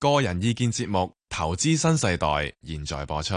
個人意見節目《投資新時代》現在播出。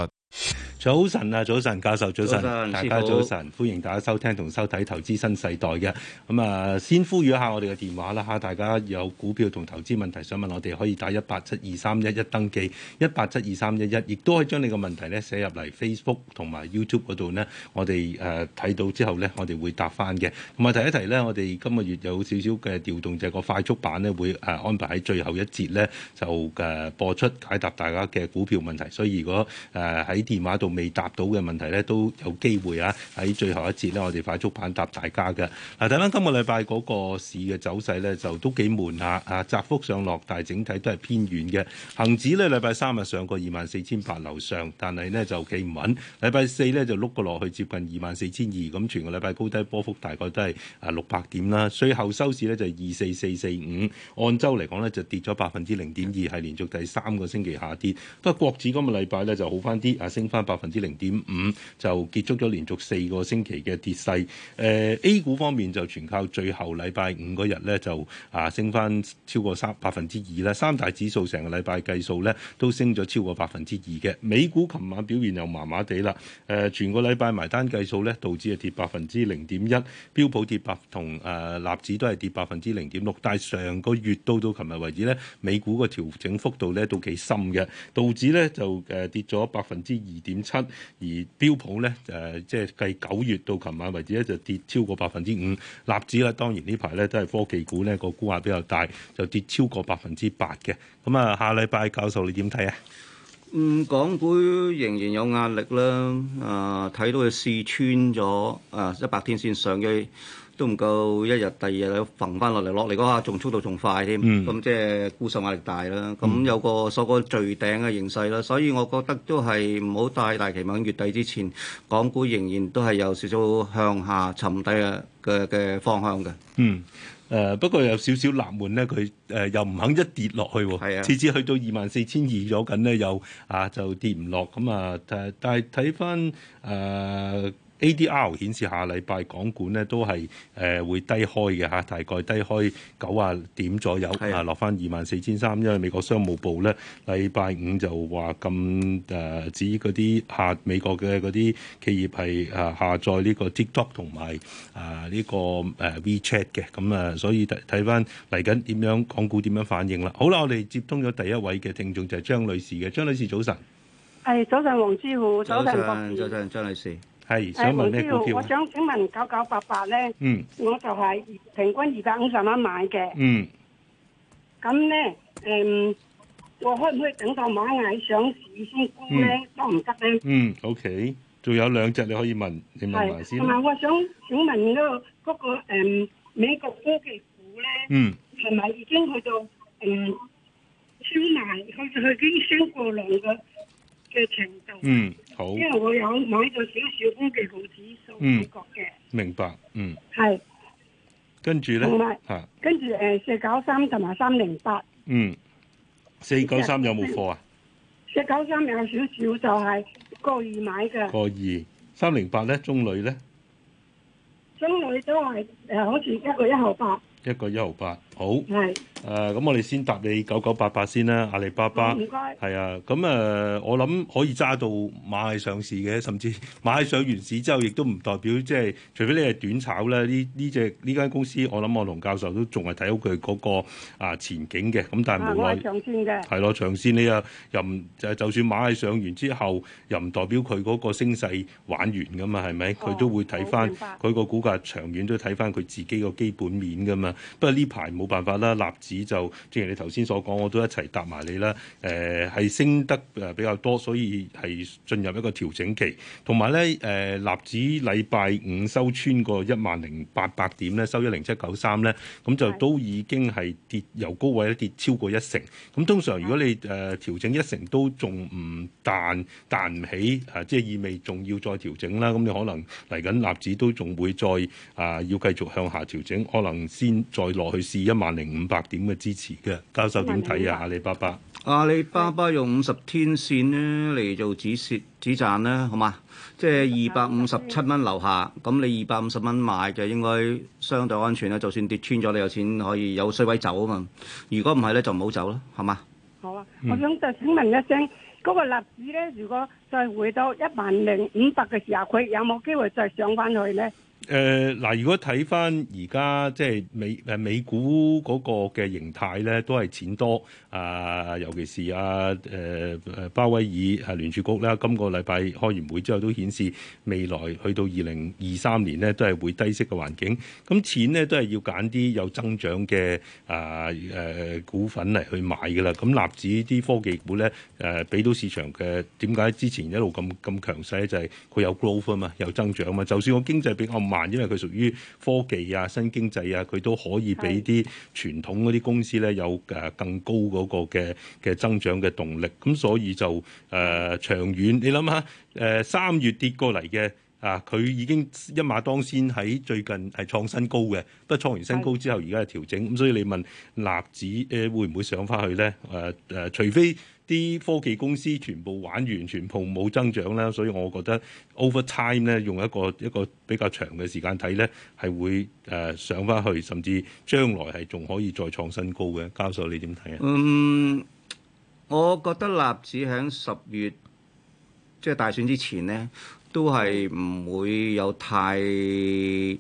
早晨啊，早晨，教授，早晨，早晨大家早晨，好歡迎大家收聽同收睇《投資新世代》嘅。咁啊，先呼籲一下我哋嘅電話啦，吓大家有股票同投資問題想問我哋，可以打一八七二三一一登記，一八七二三一一，亦都可以將你嘅問題咧寫入嚟 Facebook 同埋 YouTube 度咧，我哋誒睇到之後咧、嗯，我哋會答翻嘅。同埋提一提咧，我哋今個月有少少嘅調動，就係、是、個快速版咧會誒安排喺最後一節咧就誒播出解答大家嘅股票問題。所以如果誒喺喺電話度未答到嘅問題咧，都有機會啊！喺最後一節咧，我哋快速版答大家嘅。嗱， 睇翻今個禮拜嗰個市嘅走勢咧，就都幾悶下啊！窄幅上落，但係整體都係偏軟嘅。恒指咧，禮拜三日上過二萬四千八樓上，但係咧就企唔穩。禮拜四咧就碌個落去接近二萬四千二，咁全個禮拜高低波幅大概都係啊六百點啦。最後收市咧就二四四四五，按周嚟講咧就跌咗百分之零點二，係連續第三個星期下跌。不過國指今個禮拜咧就好翻啲啊！升翻百分之零點五，就結束咗連續四個星期嘅跌勢。誒、呃，A 股方面就全靠最後禮拜五嗰日咧，就啊升翻超過三百分之二啦。三大指數成個禮拜計數咧，都升咗超過百分之二嘅。美股琴晚表現又麻麻地啦。誒、呃，全個禮拜埋單計數咧，道指係跌百分之零點一，標普跌百同誒納指都係跌百分之零點六。但係上個月到到琴日為止咧，美股個調整幅度咧都幾深嘅，道指咧就誒跌咗百分之二點七，而標普咧誒，即係計九月到琴晚為止咧，就跌超過百分之五。納指咧，當然呢排咧都係科技股咧個估價比較大，就跌超過百分之八嘅。咁啊、嗯，下禮拜教授你點睇啊？嗯，港股仍然有壓力啦。啊、呃，睇到佢試穿咗啊，一、呃、百天線上嘅。都唔夠一日、第二日又揈翻落嚟，落嚟嗰下仲速度仲快添，咁即係沽售壓力大啦。咁有個收個最頂嘅形勢啦，所以我覺得都係唔好太大期望。月底之前，港股仍然都係有少少向下沉底嘅嘅嘅方向嘅。嗯。誒，不過有少少閂門咧，佢誒又唔肯一跌落去喎。係啊。次次去到二萬四千二左近咧，又啊就跌唔落咁啊！誒，但但係睇翻誒。ADR 顯示下禮拜港股咧都係誒、呃、會低開嘅嚇，大概低開九十點左右，啊落翻二萬四千三，24, 300, 因為美國商務部咧禮拜五就話咁誒指嗰啲下美國嘅嗰啲企業係啊、呃、下載呢個 TikTok 同埋啊、呃、呢、呢個誒 WeChat 嘅，咁、呃、啊所以睇睇翻嚟緊點樣港股點樣反應啦？好啦，我哋接通咗第一位嘅聽眾就係張女士嘅，張女士早晨。係，早晨黃之富，早晨上早晨張女士。係想問呢，我想請問九九八八咧，嗯、我就係平均二百五十蚊買嘅、嗯。嗯，咁咧，誒，我可唔可以等到螞蟻上市先沽咧？得唔得咧？嗯，OK，仲有兩隻你可以問，你問埋是先。同埋我想請問嗰、那個個誒、嗯、美國科技股咧，係咪、嗯、已經去到誒千萬去去已經升過兩個嘅程度？嗯。因為我有買咗少少科技股指數股嘅，明白，嗯，係是，跟住咧，跟住誒四九三同埋三零八，嗯，四九三有冇貨啊？四九三有少少就係個二買嘅，個二三零八咧，中旅咧，中旅都係誒、呃、好似一個一毫八，一個一毫八。好，誒咁是、呃、我哋先答你九九八八先啦，阿里巴巴，係謝啊，咁誒、呃、我諗可以揸到螞蟻上市嘅，甚至螞蟻上完市之後，亦都唔代表即係，除非你係短炒咧，呢呢隻呢間公司，我諗我同龍教授都仲係睇好佢嗰個啊前景嘅，咁但係無奈，我係長線嘅，係咯、啊、長線你、啊、又又唔就就算螞蟻上完之後，又唔代表佢嗰個升勢玩完噶嘛係咪？佢、哦、都會睇翻佢個股價長遠都睇翻佢自己個基本面噶嘛。不過呢排冇辦法啦，納指就正如你頭先所講，我都一齊答埋你啦。誒、呃，係升得誒比較多，所以係進入一個調整期。同埋咧誒，納、呃、指禮拜五收穿個一萬零八百點咧，收一零七九三咧，咁就都已經係跌由高位咧跌超過一成。咁通常如果你誒、呃、調整一成都仲唔彈彈唔起，啊，即係意味仲要再調整啦。咁你可能嚟緊納指都仲會再啊要繼續向下調整，可能先再落去試。一。萬零五百點嘅支持嘅，教授收點睇啊？阿里巴巴，阿里巴巴用五十天線咧嚟做止蝕止賺啦，好嘛？即係二百五十七蚊樓下，咁你二百五十蚊買嘅應該相對安全啦。就算跌穿咗，你有錢可以有水位走啊嘛。如果唔係咧，就唔好走啦，好嘛？好啊，我想就請問一聲，嗰個納指咧，如果再回到一萬零五百嘅時候，佢有冇機會再上翻去咧？誒嗱、呃，如果睇翻而家即係美誒美股嗰個嘅形態咧，都係錢多啊，尤其是啊誒誒鮑威爾啊聯儲局啦，今個禮拜開完會之後都顯示未來去到二零二三年咧，都係會低息嘅環境。咁、嗯、錢咧都係要揀啲有增長嘅啊誒、啊、股份嚟去買㗎啦。咁、啊、納指啲科技股咧誒，俾、啊、到市場嘅點解之前一路咁咁強勢咧，就係、是、佢有 growth 嘛，有增長嘛。就算個經濟比較唔，慢，因為佢屬於科技啊、新經濟啊，佢都可以俾啲傳統嗰啲公司咧有誒更高嗰個嘅嘅增長嘅動力。咁所以就誒、呃、長遠，你諗下誒三月跌過嚟嘅啊，佢已經一馬當先喺最近係創新高嘅。不過創完新高之後，而家係調整。咁是的 所以你問納指誒會唔會上返去咧？誒、呃、誒，除非。啲科技公司全部玩完，全部冇增長啦，所以我覺得 over time 咧，用一個一個比較長嘅時間睇咧，係會誒上翻去，甚至將來係仲可以再創新高嘅。教授你點睇啊？嗯，我覺得納指喺十月即係、就是、大選之前咧，都係唔會有太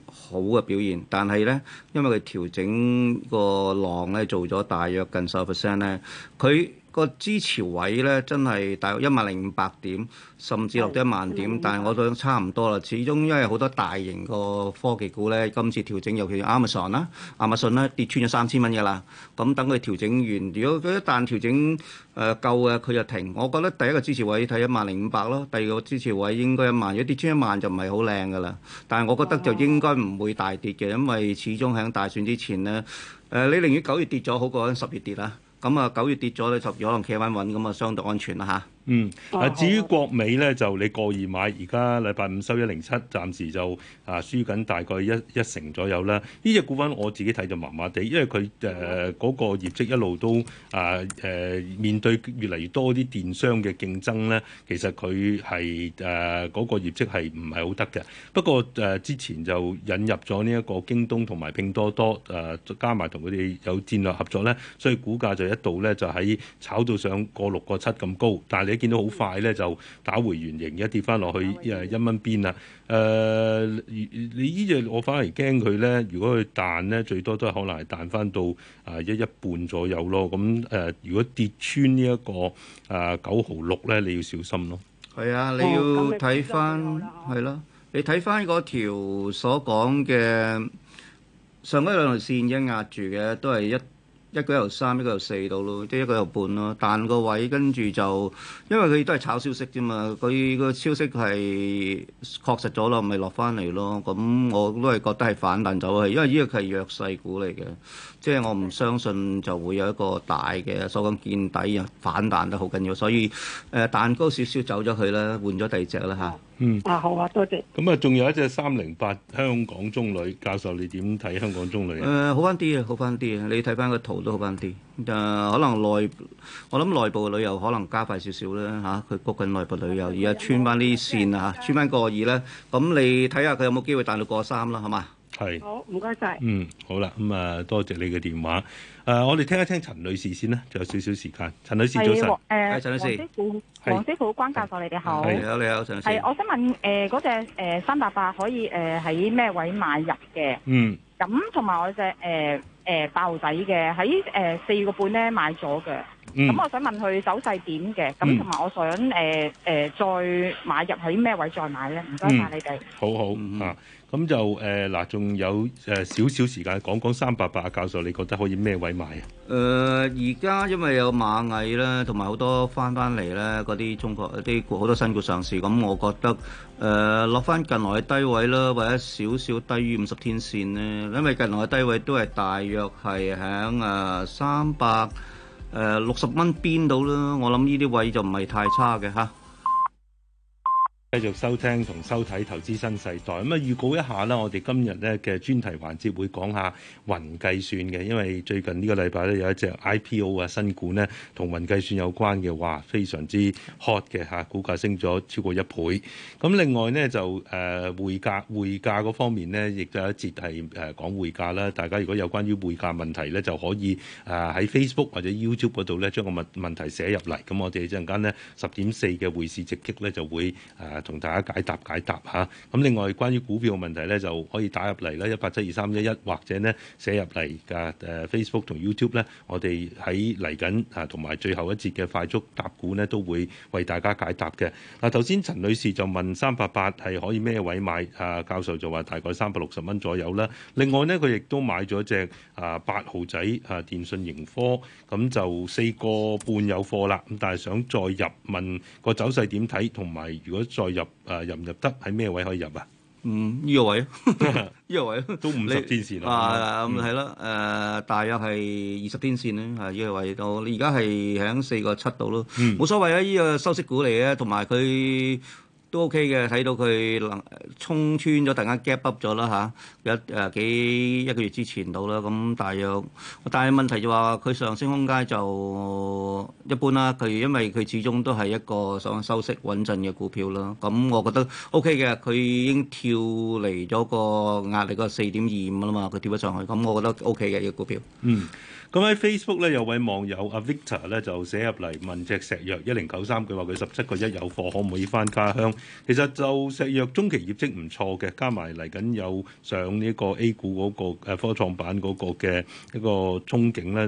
好嘅表現。但係咧，因為佢調整個浪咧做咗大約近十 percent 咧，佢。個支持位咧，真係大約一萬零五百點，甚至落到一萬點，嗯、但係我覺得差唔多啦。始終因為好多大型個科技股咧，今次調整，尤其是亞馬遜啦、亞馬遜啦跌穿咗三千蚊嘅啦。咁等佢調整完，如果佢一旦調整誒夠嘅，佢、呃、就停。我覺得第一個支持位睇一萬零五百咯，第二個支持位應該一萬，如果跌穿一萬就唔係好靚㗎啦。但係我覺得就應該唔會大跌嘅，因為始終喺大選之前咧，誒、呃、你寧願九月跌咗好過十月跌啦。咁啊，九月跌咗你十月有可能企穩穩，咁啊，相對安全啦嚇。嗯，啊，至於國美咧，就你過二買，而家禮拜五收一零七，暫時就啊，輸緊大概一一成左右啦。呢、這、隻、個、股份我自己睇就麻麻地，因為佢誒嗰個業績一路都啊誒、呃、面對越嚟越多啲電商嘅競爭咧，其實佢係誒嗰個業績係唔係好得嘅。不過誒、呃、之前就引入咗呢一個京東同埋拼多多誒、呃、加埋同佢哋有戰略合作咧，所以股價就一度咧就喺炒到上過六個七咁高，但係你見到好快咧，就打回原形，而家跌翻落去，一蚊邊啦。誒，你呢隻我反而驚佢咧，如果佢彈咧，最多都係可能係彈翻到啊一一半左右咯。咁誒，如果跌穿呢一個啊九毫六咧，你要小心咯。係啊，你要睇翻係咯，你睇翻嗰條所講嘅上一兩條線嘅壓住嘅，都係一。一個由三，一個由四到咯，即係一個由半咯。彈個，個位跟住就，因為佢都係炒消息啫嘛。佢個消息係確實咗咯，咪落翻嚟咯。咁我都係覺得係反彈走啊。因為呢個係弱勢股嚟嘅，即係我唔相信就會有一個大嘅所講見底啊。反彈得好緊要，所以誒彈高少少走咗佢啦，換咗第二隻啦嚇。啊嗯啊好啊多謝咁啊仲有一隻三零八香港中旅教授你點睇香港中旅啊？誒、呃、好翻啲啊好翻啲啊！你睇翻個圖都好翻啲誒，可能內我諗內部旅遊可能加快少少啦吓，佢谷緊內部旅遊而家穿翻啲線啊，穿翻個二咧，咁、啊嗯嗯嗯、你睇下佢有冇機會帶到過三啦，好嘛？係好，唔該晒。嗯，好啦，咁、嗯、啊，多謝你嘅電話。誒、呃，我哋聽一聽陳女士先啦，仲有少少時間。陳女士早晨，誒、哦，黃、呃、師傅，黃師傅，關教授，你哋好。你好，你好，陳女士。係，我想問誒，嗰隻誒三百八可以誒喺咩位買入嘅？嗯。咁同埋我隻誒誒爆仔嘅喺誒四個半咧買咗嘅。咁我想問佢走勢點嘅？咁同埋我想誒誒再買入去咩位再買咧？唔該晒你哋。好好啊，咁就誒嗱，仲有誒少少時間講講三百八啊，教授，你覺得可以咩位買啊？誒而家因為有螞蟻啦，同埋好多翻翻嚟咧，嗰啲中國一啲好多新股上市，咁我覺得誒落翻近來嘅低位啦，或者少少低於五十天線咧，因為近來嘅低位都係大約係喺啊三百。誒六十蚊邊度啦，我諗呢啲位就唔係太差嘅嚇。繼續收聽同收睇《投資新世代》咁啊，預告一下啦，我哋今日咧嘅專題環節會講下雲計算嘅，因為最近呢個禮拜咧有一隻 IPO 啊，新股咧同雲計算有關嘅，話，非常之 hot 嘅吓，股價升咗超過一倍。咁另外呢，就誒匯價匯價嗰方面呢，亦都有一節係誒講匯價啦。大家如果有關於匯價問題呢，就可以誒喺、呃、Facebook 或者 YouTube 嗰度呢將個問問題寫入嚟，咁我哋一陣間咧十點四嘅匯市直擊呢，就會誒。呃同大家解答解答吓，咁另外關於股票嘅問題咧，就可以打入嚟啦，一八七二三一一或者咧寫入嚟噶誒 Facebook 同 YouTube 咧，我哋喺嚟緊啊，同埋最後一節嘅快速答股咧，都會為大家解答嘅。嗱，頭先陳女士就問三百八係可以咩位買啊？教授就話大概三百六十蚊左右啦。另外咧，佢亦都買咗隻啊八號仔啊電訊盈科，咁就四個半有貨啦。咁但係想再入問個走勢點睇，同埋如果再入啊，入唔入得？喺咩位可以入啊？嗯呢、嗯呃啊呢個位，呢個位都五十天線啊，咁係咯，誒大約係二十天線咧，係呢個位到。你而家係響四個七度咯，冇所謂啊！呢、呢個收息股嚟嘅，同埋佢。都 OK 嘅，睇到佢能衝穿咗突然間 gap up 咗啦嚇，有誒幾一個月之前到啦，咁大約。但係問題就話佢上升空間就一般啦，佢因為佢始終都係一個想收息穩陣嘅股票啦。咁我覺得 OK 嘅，佢已經跳離咗個壓力個四點二五啦嘛，佢跳咗上去，咁我覺得 OK 嘅呢個股票。嗯，咁喺 Facebook 咧有位網友阿 Victor 咧就寫入嚟問隻石藥一零九三，佢話佢十七個一有貨，可唔可以翻家鄉？其實就石藥中期業績唔錯嘅，加埋嚟緊有上呢個 A 股嗰、嗰個、呃、科創板嗰個嘅一個憧憬咧。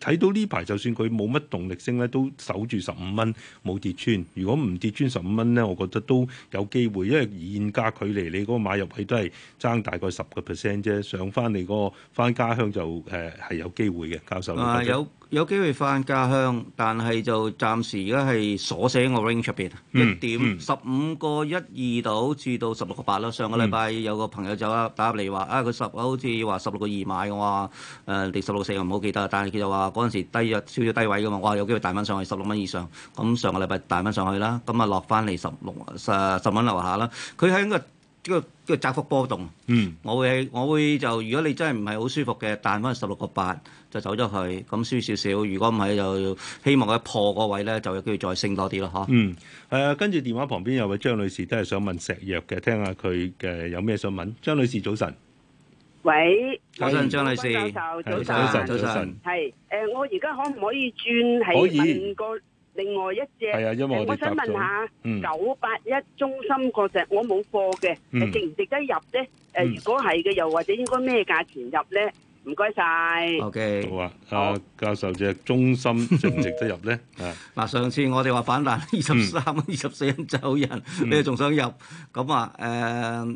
睇、呃、到呢排就算佢冇乜動力升咧，都守住十五蚊冇跌穿。如果唔跌穿十五蚊咧，我覺得都有機會，因為現價距離你嗰個買入位都係爭大概十個 percent 啫。上翻你、嗰個翻家鄉就誒係、呃、有機會嘅，教授。啊有。有機會翻家鄉，但係就暫時而家係鎖死我 ring 出邊一點十五個一二度至到十六個八啦。上個禮拜有個朋友就話打入嚟話啊，佢十好似話十六個二買，我話，誒你十六四又唔好記得，但係佢就話嗰陣時低咗，少少低位嘅嘛，我話有機會彈翻上去十六蚊以上，咁、嗯、上個禮拜彈翻上去啦，咁啊落翻嚟十六十十蚊樓下啦。佢喺、那個個個窄幅波動，嗯、mm hmm.，我會我會就如果你真係唔係好舒服嘅，彈翻十六個八。就走咗去，咁輸少少。如果唔係，就希望佢破個位咧，就有機會再升多啲咯，嚇、啊。嗯，誒、呃，跟住電話旁邊有位張女士都係想問石藥嘅，聽下佢嘅有咩想問。張女士早晨，喂，早晨你張女士，教授早，晨早晨，早晨，早晨，係、呃、誒，我而家可唔可以轉喺問個另外一隻？係啊以，因為我，、呃、我想問下，九八一中芯個隻，我冇貨嘅，誒、嗯，值唔值得入咧？誒、嗯，如果係嘅，又或者應該咩價錢入咧？唔該晒，O K 好啊。阿、啊、好教授，隻中心值唔值得入咧？ 啊，嗱，上次我哋話反彈二十三蚊、二十四蚊走人，嗯、你哋仲想入？咁、嗯、啊，誒、呃。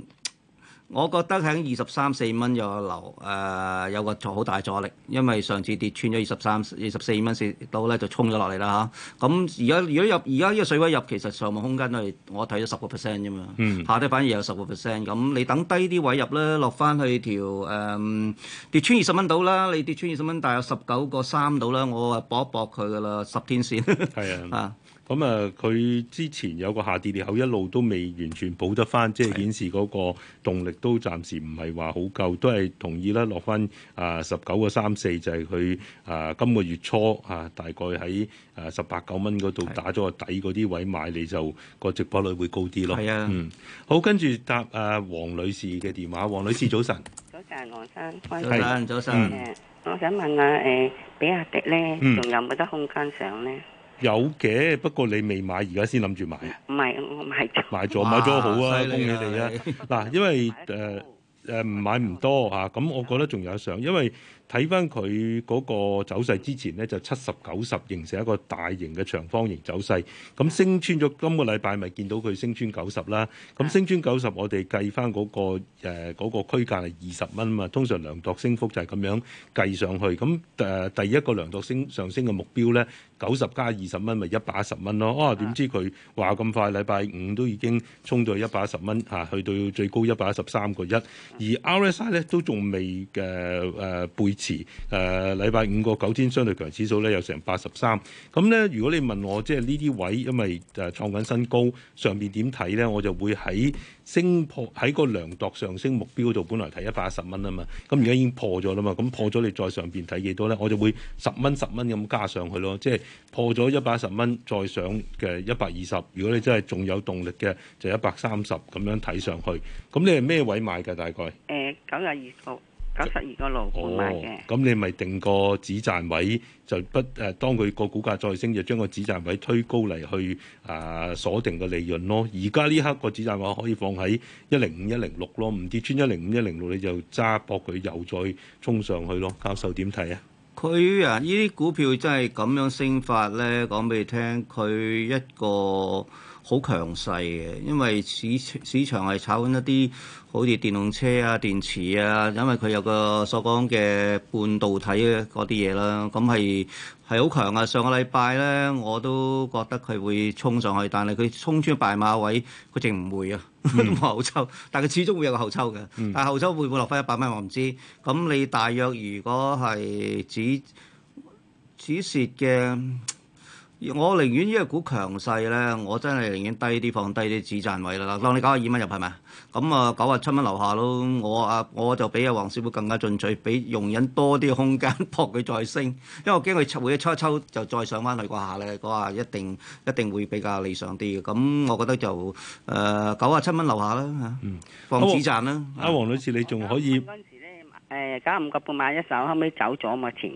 我覺得喺二十三四蚊有個流，誒有個阻好、呃、大阻力，因為上次跌穿咗二十三、二十四蚊線度咧，就衝咗落嚟啦嚇。咁而家如果入，而家依個水位入，其實上望空間都係我睇咗十個 percent 啫嘛。嗯。下跌反而有十個 percent，咁你等低啲位入咧，落翻去條誒、呃、跌穿二十蚊到啦。你跌穿二十蚊，但係有十九個三到啦，我啊搏一搏佢噶啦，十天線。係啊。啊。咁啊，佢、嗯、之前有個下跌裂口，一路都未完全補得翻，即係顯示嗰個動力都暫時唔係話好夠，都係同意啦落翻啊十九個三四，呃、3, 4, 就係佢啊今個月初啊、呃、大概喺啊十八九蚊嗰度打咗個底嗰啲位買，你的就個值博率會高啲咯。係啊的，嗯，好跟住答啊黃女士嘅電話。黃女士早晨，早晨黃生，歡迎早晨，早晨。早晨我想問下誒，比、呃、亞迪咧仲有冇得空間上咧？嗯有嘅，不過你未買，而家先諗住買啊！唔係，我買咗，買咗好啊！哇恭喜你啊！嗱，因為誒誒唔買唔多嚇，咁我覺得仲有得上，因為，睇翻佢嗰個走勢之前咧，就七十九十形成一個大型嘅長方形走勢。咁升穿咗今個禮拜咪見到佢升穿九十啦。咁升穿九十、那個，我哋計翻嗰個誒嗰個區間係二十蚊嘛。通常量度升幅就係咁樣計上去。咁誒、呃、第一個量度升上升嘅目標咧，九十加二十蚊咪一百一十蚊咯。啊，點知佢話咁快，禮拜五都已經衝到一百一十蚊嚇，去到最高一百一十三個一。而 RSI 咧都仲未誒誒背。持，誒，禮拜五個九天相對強指數咧有成八十三咁咧，如果你問我，即係呢啲位因為誒創緊新高，上邊點睇咧？我就會喺升破喺個量度上升目標度，本來睇一百一十蚊啊嘛，咁而家已經破咗啦嘛，咁破咗你再上邊睇幾多咧？我就會十蚊十蚊咁加上去咯，即係破咗一百一十蚊再上嘅一百二十，如果你真係仲有動力嘅就一百三十咁樣睇上去，咁你係咩位買嘅大概？誒，九廿二號。九十二個盧布、哦、買嘅，咁你咪定個止賺位，就不誒、啊、當佢個股價再升，就將個止賺位推高嚟去啊鎖定個利潤咯。而家呢刻個止賺位可以放喺一零五一零六咯，唔跌穿一零五一零六你就揸博佢又再衝上去咯。教授點睇啊？佢啊，呢啲股票真係咁樣升法咧。講俾你聽，佢一個。好強勢嘅，因為市市場係炒緊一啲好似電動車啊、電池啊，因為佢有個所講嘅半導體嘅嗰啲嘢啦，咁係係好強啊！上個禮拜咧，我都覺得佢會衝上去，但係佢衝穿白馬位，佢淨唔會啊，冇 後抽，但係佢始終會有個後抽嘅，但係後抽會唔會落翻一百蚊我唔知。咁你大約如果係止止蝕嘅？我寧願依個股強勢咧，我真係寧願低啲放低啲止賺位啦。當你九啊二蚊入，係咪？咁啊九啊七蚊樓下咯。我啊我就比阿黃師傅更加進取，比容忍多啲嘅空間搏佢再升，因為我驚佢抽會一抽一抽就再上翻去個下咧，個下一定一定會比較理想啲嘅。咁我覺得就誒九啊七蚊樓下啦嚇，放止賺啦。阿黃、嗯哦啊、女士、嗯、你仲可以嗰陣時咧誒九五個半買一手，後尾走咗冇錢。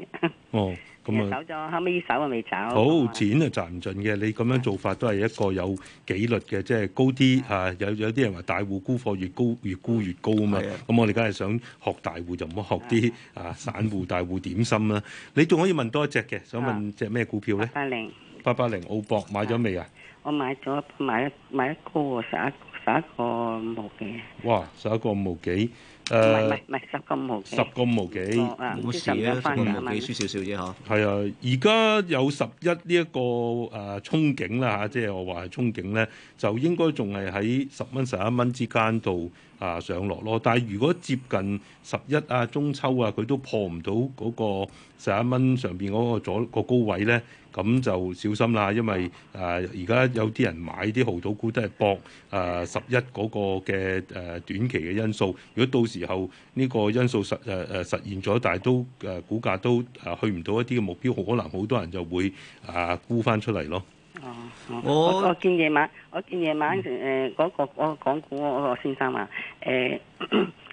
嗯、走咗，後尾依手啊未走。好，錢啊賺唔盡嘅，的你咁樣做法都係一個有紀律嘅，即、就、係、是、高啲嚇的、啊。有有啲人話大戶沽貨越高，越沽越高啊嘛。咁的我哋梗係想學大戶，就唔好學啲的啊散戶大戶點心啦、啊。你仲可以問多一隻嘅，想問隻咩股票咧？八八零、八八零澳博買咗未啊？我買咗買買一高喎，十一十一個五毫幾。哇！十一個五毫幾。誒，唔係唔係十個五毛、啊、十個冇幾冇事、嗯、啊，冇幾輸少少啫嗬，係啊，而家有十一呢一個誒憧憬啦吓，即、啊、係、就係、我話係憧憬咧，就應該仲係喺十蚊十一蚊之間度。啊，上落咯，但係如果接近十一啊，中秋啊，佢都破唔到嗰個十一蚊上邊嗰個左、嗰個高位咧，咁就小心啦，因為啊而家有啲人買啲豪宅股都係搏啊十一嗰個嘅誒、啊、短期嘅因素，如果到時候呢個因素實誒誒、啊、實現咗，但係都誒、啊、股價都誒去唔到一啲嘅目標，好可能好多人就會啊沽翻出嚟咯。哦，我我見夜晚，我見夜晚誒嗰、呃嗰個嗰、嗰個、股嗰先生話誒，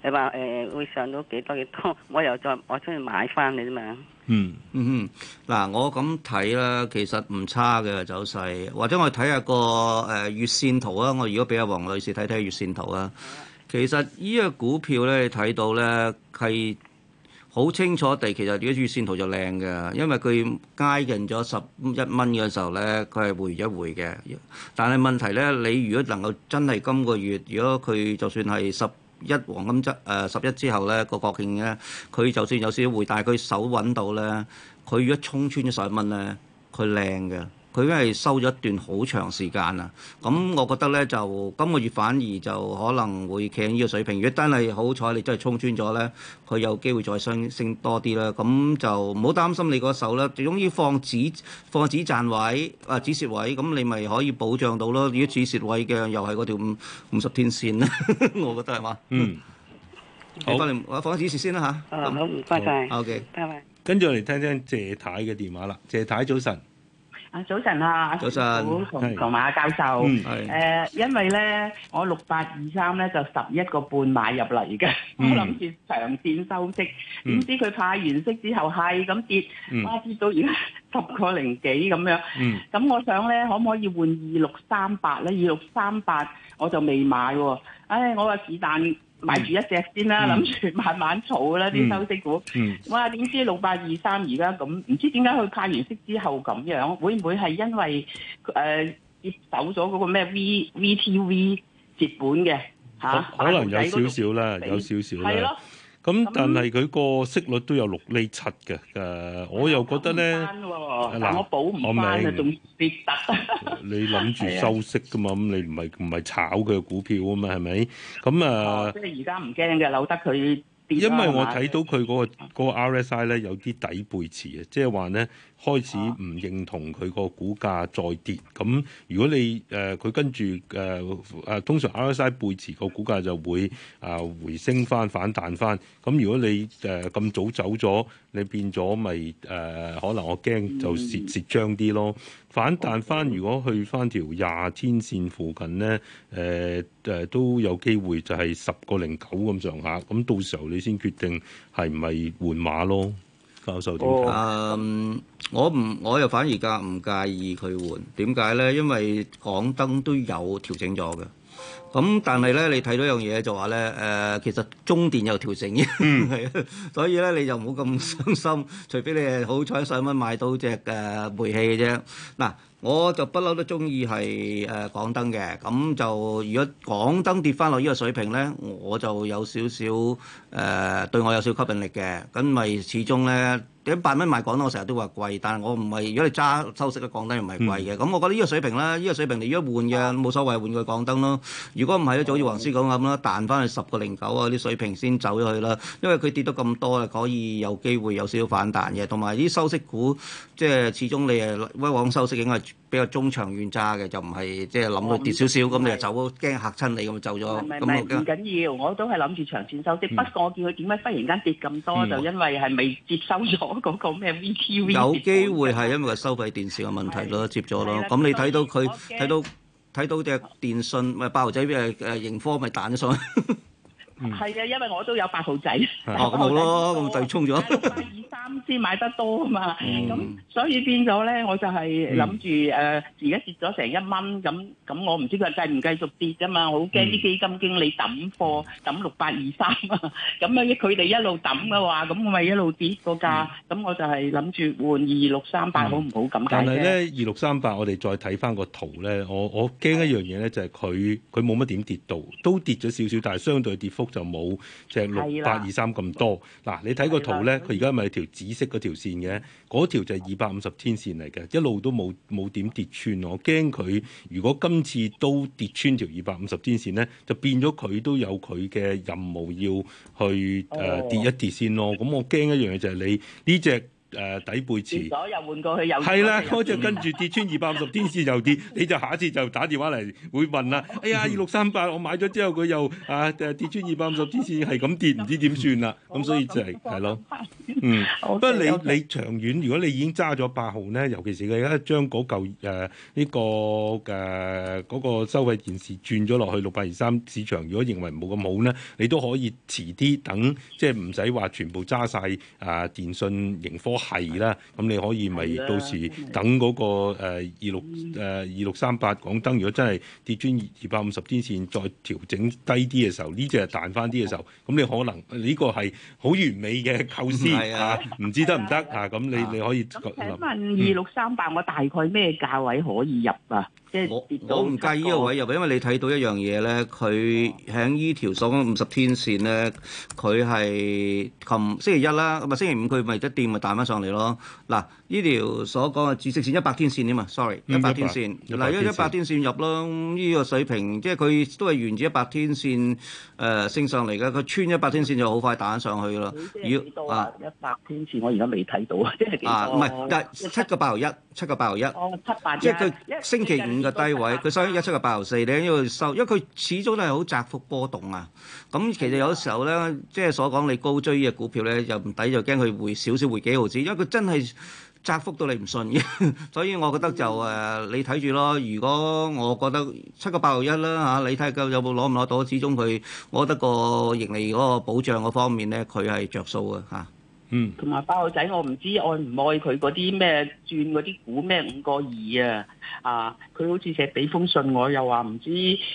你話誒會上到幾多幾多，我又再我先買翻你啫嘛。嗯嗯嗯，嗱、嗯、我咁睇啦，其實唔差嘅走勢，或者我睇下個誒月線圖啊。我如果俾阿黃女士睇睇月線圖啊，其實依個股票咧，你睇到咧係。好清楚地，其實如果月線圖就靚嘅，因為佢接近咗十一蚊嘅時候咧，佢係回一回嘅。但係問題咧，你如果能夠真係今個月，如果佢就算係十一黃金周誒十一之後咧，個國慶咧，佢就算有少少回，但係佢手揾到咧，佢如果衝穿咗十一蚊咧，佢靚嘅。佢因為收咗一段好長時間啦，咁、嗯、我覺得咧就今個月反而就可能會企喺呢個水平。如果真係好彩，你真係衝穿咗咧，佢有機會再升升多啲啦。咁、嗯、就唔好擔心你個手啦。總之放止放止賺位啊，止蝕位咁你咪可以保障到咯。如果止蝕位嘅又係嗰條五五十天線咧， 我覺得係嘛？嗯，好，我、欸、放止蝕先啦吓，好，唔該曬。O K，好拜拜。okay. 跟住我嚟聽聽謝太嘅電話啦。謝太早晨。啊，早晨啊，早晨，同埋阿教授，誒、嗯呃，因為咧，我六八二三咧就十一個半買入嚟嘅，嗯、我諗住長線收息，點知佢派完息之後係咁跌，哇、嗯，跌到而家十個零幾咁樣，咁、嗯嗯、我想咧可唔可以換二六三八咧？二六三八我就未買喎，唉、哎，我個子彈。買住一隻先啦，諗住、嗯、慢慢儲啦啲收息股。嗯嗯、哇！點知六八二三而家咁，唔知點解佢派完息之後咁樣，會唔會係因為接手咗嗰個咩 V V T V 蝕本嘅嚇？啊、可能有少少啦，有少少啦.。 咁、嗯、但係佢個息率都有六厘七嘅，誒、嗯，我又覺得咧，我，我保唔翻嘅仲跌。你諗住收息噶嘛？咁你唔係唔係炒佢嘅股票啊嘛？係咪？咁、嗯、誒，即係而家唔驚嘅，扭得佢跌。因為我睇到佢嗰、嗯、個 RSI 咧有啲底背馳嘅，即係話咧。開始唔認同佢個股價再跌，咁如果你誒佢、呃、跟住誒誒通常 RSI 背馳個股價就會誒回升翻反彈翻，咁如果你誒咁、呃、早走咗，你變咗咪誒可能我驚就蝕蝕張啲咯。反彈翻如果去翻條廿天線附近咧，誒、呃、誒都有機會就係十個零九咁上下，咁到時候你先決定係咪換馬咯。教授，點解？um, 我唔，我又反而格唔介意佢換，點解呢？因為港燈都有調整咗嘅。.咁但係咧，你睇到樣嘢就話咧，誒其實中電又調升嘅，mm. 所以咧你就唔好咁傷心，除非你係好彩上蚊買到隻誒煤氣嘅啫。嗱，我就不嬲都中意係誒港燈嘅，咁就如果港燈跌翻落呢個水平咧，我就有少少誒、呃、對我有少，少吸引力嘅。咁咪始終咧，一百蚊買港燈，我成日都話貴，但係我唔係。如果你揸收息嘅港燈貴，唔係貴嘅。咁我覺得呢個水平咧，呢、這個水平你如果換嘅冇所謂，換個港燈咯。如果唔係咧，就好似黃師講咁啦，彈翻去十個零九啊啲水平先走咗去啦。因為佢跌到咁多啦，可以有機會有少少反彈嘅。同埋啲收息股，即係始終你誒威往往收息應該比較中長遠揸嘅，就唔係即係諗到跌少少咁，oh, 你就走，驚嚇親你咁走咗咁樣嘅。唔緊要，我都係諗住長線收息。嗯、不過我見佢點解忽然間跌咁多，嗯、就因為係未接收咗嗰個咩 VTV。有機會係因為收費電視嘅問題咯，接咗咯。咁、嗯、你睇到佢睇到。睇到隻電信咪八毫紙，誒誒盈科咪彈咗上去。 係啊，因為我都有八號仔，八號咯，咁對沖咗。二三先買得多啊嘛，咁所以變咗咧，我就係諗住誒，而家跌咗成一蚊，咁咁我唔知佢繼唔繼續跌啫嘛，我好驚啲基金經理抌貨抌六八二三啊，咁啊佢哋一路抌嘅話，咁我咪一路跌個價，咁我就係諗住換二六三八好唔好咁解啫？但係咧，二六三八我哋再睇翻個圖咧，我我驚一樣嘢咧，就係佢佢冇乜點跌到，都跌咗少少，但係相對跌幅。就冇隻六百二三咁多，嗱的、啊、你睇個圖咧，佢而家咪條紫色嗰條線嘅，嗰條就係二百五十天線嚟嘅，一路都冇冇點跌穿，我驚佢如果今次都跌穿條二百五十天線咧，就變咗佢都有佢嘅任務要去誒、呃、跌一跌先咯，咁我驚一樣嘢就係你呢隻。這個誒、呃、底背持，左又換過去右，係是啦，我、嗯、跟住跌穿二百五十天線又跌， 你就下一次就打電話嚟會問啦、啊。哎呀，二六三八我買咗之後佢又啊跌穿又跌穿二百五十天線係咁跌，唔知點算啦。咁所以就係係咯，嗯。不過你你長遠如果你已經揸咗八號咧，尤其是佢而家將嗰嚿誒呢個誒、啊、嗰個、啊、個收費電視轉咗落去六百二三市場，如果認為冇咁好咧，你都可以遲啲等，即係唔使話全部揸晒啊電信盈科。係啦，咁的你可以咪到時等嗰個二六誒二六三八港燈，如果真係跌穿二百五十天線再調整低啲嘅時候，呢隻彈返啲嘅時候，咁你可能呢個係好完美嘅構思的啊，唔的知得唔得吓？咁你你可以請問二六三八，我大概咩價位可以入啊？即係我我唔介意呢個位入，因為你睇到一樣嘢咧，佢喺依條數五十天線咧，佢係琴星期一啦，咁啊星期五佢咪得掂咪彈翻上嚟咯，嗱。呢條所講嘅紫色線一百天線嘛，Sorry，一百天線嗱，因為一百天線入咯。呢、這個水平即係佢都係沿住一百天線誒、呃、升上嚟嘅。佢穿一百天線就好快彈上去嘅啊，一百天線我而家未睇到啊，即係幾多？啊，唔係，但係七個八毫一，七個八毫一，即係佢星期五嘅低位，佢收一七個八毫四咧，一路收，因為佢始終都係好窄幅波動啊。咁、嗯、其實有時候咧，即係所講你高追嘅股票咧，又唔抵就驚佢回少少回幾毫子，因為佢真係。窄幅到你唔信，嘅， 所以我覺得就誒，嗯、你睇住咯。如果我覺得七個八毫一啦嚇，你睇下夠有冇攞唔攞到？始終佢，我覺得個盈利嗰個保障嗰方面咧，佢係着數啊。嚇。嗯。同埋包豪仔我愛愛、啊啊，我唔知愛唔愛佢嗰啲咩轉嗰啲股咩五個二啊啊！佢好似寫俾封信我又話唔知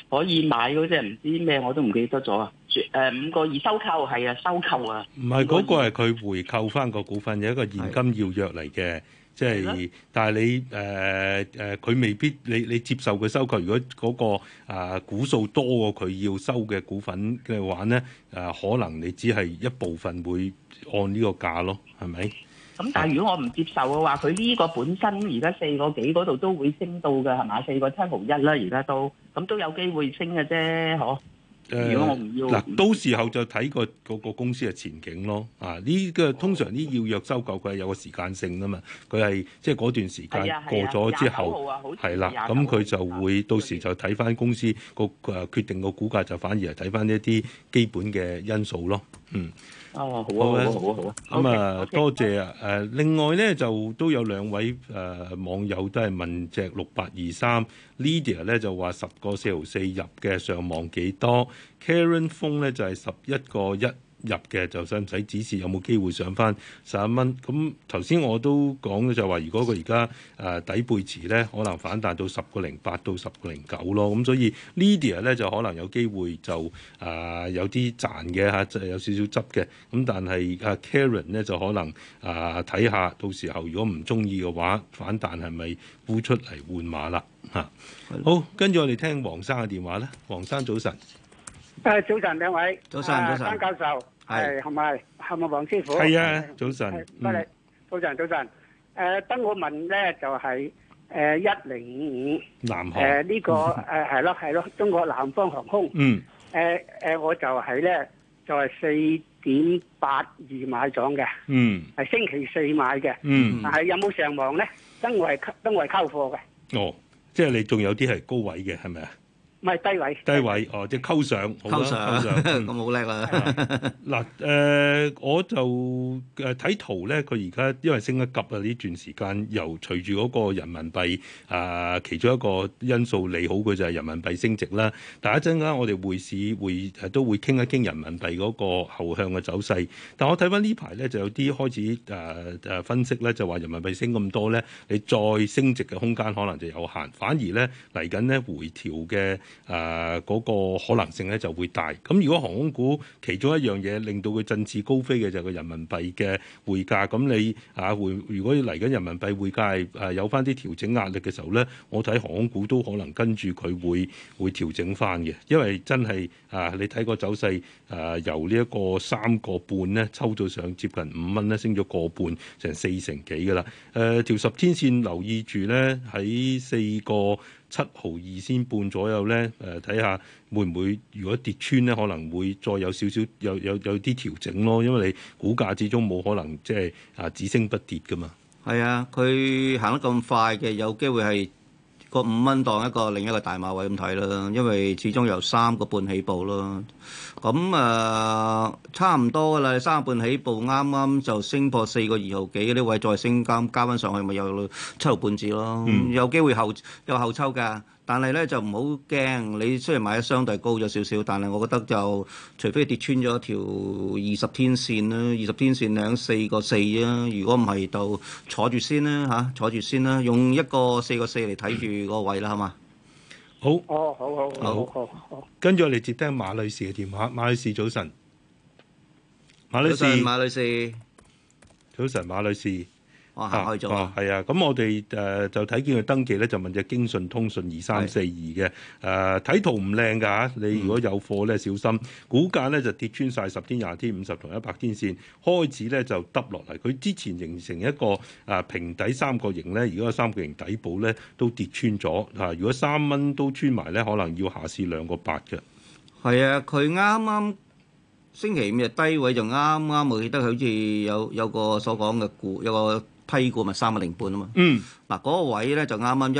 可以買嗰隻唔知咩我都唔記得咗啊。誒五個二收購係啊，收購啊，唔係嗰個係佢回購翻個股份，有一個現金要約嚟嘅，即係但係你誒誒佢未必你你接受佢收購，如果嗰個啊股數多過佢要收嘅股份嘅話咧，誒可能你只係一部分會按呢個價咯，係咪？咁但係如果我唔接受嘅話，佢呢個本身而家四個幾嗰度都會升到㗎係嘛？四個七毫一啦，而家都咁都有機會升嘅啫，嗬。誒嗱，呃、到時候就睇、那個嗰、那個、公司嘅前景咯。啊，呢、這個通常啲要約收購佢係有個時間性㗎嘛，佢係即係嗰段時間過咗之後，係啦，咁佢的日就會到時就睇翻公司個誒、啊、決定個股價，就反而係睇翻一啲基本嘅因素咯。嗯。好啊，好啊、oh, okay, okay, okay.，好 啊，好啊，咁啊，多謝啊。誒，另外咧就都有兩位誒網友都係問隻六八二三 Lydia 咧就話十個四毫四入嘅上網幾多？Karen Feng 咧就係十一個一。入嘅就使唔使指示，有冇機會上返十一蚊？咁頭先我都講就話，如果佢而家誒底背馳咧，可能反彈到十個零八到十個零九咯。咁所以 Lidia 咧就可能有機會就誒、呃、有啲賺嘅嚇，就係有少少執嘅。咁但係阿 Karen 咧就可能誒睇下到時候，如果唔中意嘅話，反彈係咪沽出嚟換馬啦嚇？的好，跟住我哋聽黃生嘅電話啦。黃生早晨。誒早晨，兩位早晨，早晨，教授。係，係咪係咪黃師傅？係啊，早晨，唔該你，早晨早晨。誒，等我問咧，就係誒一零五五南航海呢、呃這個誒係咯係咯，中國南方航空。嗯。誒誒、呃，我就係咧，就係四點八二買咗嘅。嗯。係星期四買嘅。嗯。但係有冇上網咧？等我等我溝貨嘅。哦，即係你仲有啲係高位嘅，係咪啊？唔係低位，低位哦，即係溝上，好，溝上啊、溝上，我冇叻啦。嗱、 啊，誒、呃，我就誒睇圖咧，佢而家因為升得急啊，呢段時間由隨住嗰個人民幣啊、呃，其中一個因素利好佢就係人民幣升值啦。但一陣間，我哋匯市會誒都會傾一傾人民幣嗰個後向嘅走勢。但我睇翻呢排咧，就有啲開始誒誒分析咧，就話人民幣升咁多咧，你再升值嘅空間可能就有限。反而咧嚟緊咧回調嘅。誒嗰、啊那個可能性咧就會大。咁如果航空股其中一樣嘢令到佢振翅高飛嘅就係、是、個人民幣嘅匯價。咁你啊，會如果嚟緊人民幣匯價係、啊、有翻啲調整壓力嘅時候咧，我睇航空股都可能跟住佢會會調整翻嘅。因為真係啊，你睇個走勢誒、啊，由呢一個三個半咧，抽到上接近五蚊咧，升咗個半，成四成幾㗎喇。誒，條十天線留意住咧，喺四個七毫二先半左右咧，誒睇下會唔會。如果跌穿咧，可能會再有少少有有有啲調整咯，因為你股價始終冇可能即係啊只升不跌㗎嘛。係啊，佢行得咁快嘅，有機會係。個五蚊當一個，另一個大馬位咁睇啦，因為始終由三個半起步咯。咁啊、呃，差唔多噶啦，三個半起步，啱啱就升破四個二毫幾嗰啲、這個、位，再升加加翻上去咪有七毫半字咯。嗯、有機會後有後抽㗎。但係咧就唔好驚，你雖然買得相對高咗少少，但係我覺得就除非跌穿咗條二十天線啦，二十天線兩四個四吖。如果唔係就坐住先啦吓、啊，坐住先啦，用一個四個四嚟睇住個位啦，好嘛？好，哦，好好好好好，好好好，跟住我嚟接聽馬女士嘅電話。馬女士早晨，馬女士早晨，馬女士。我下、哦、啊！咁我哋誒就睇見佢登記咧，就問隻京信通訊二三四二嘅誒，睇圖唔靚噶嚇！你如果有貨咧，小心股價咧就跌穿晒十天、廿天、五十同一百天線，開始咧就耷落嚟。佢之前形成一個誒、啊、平底三角形咧，而家三角形底部咧都跌穿咗嚇、啊。如果三蚊都穿埋咧，可能要下市兩個八嘅。係啊，佢啱啱星期五嘅低位就啱啱，我記得好似有有，有個所講嘅股，有個。批過咪三個零半啊嘛。嗯。嗱，嗰、啊那個位咧就啱啱一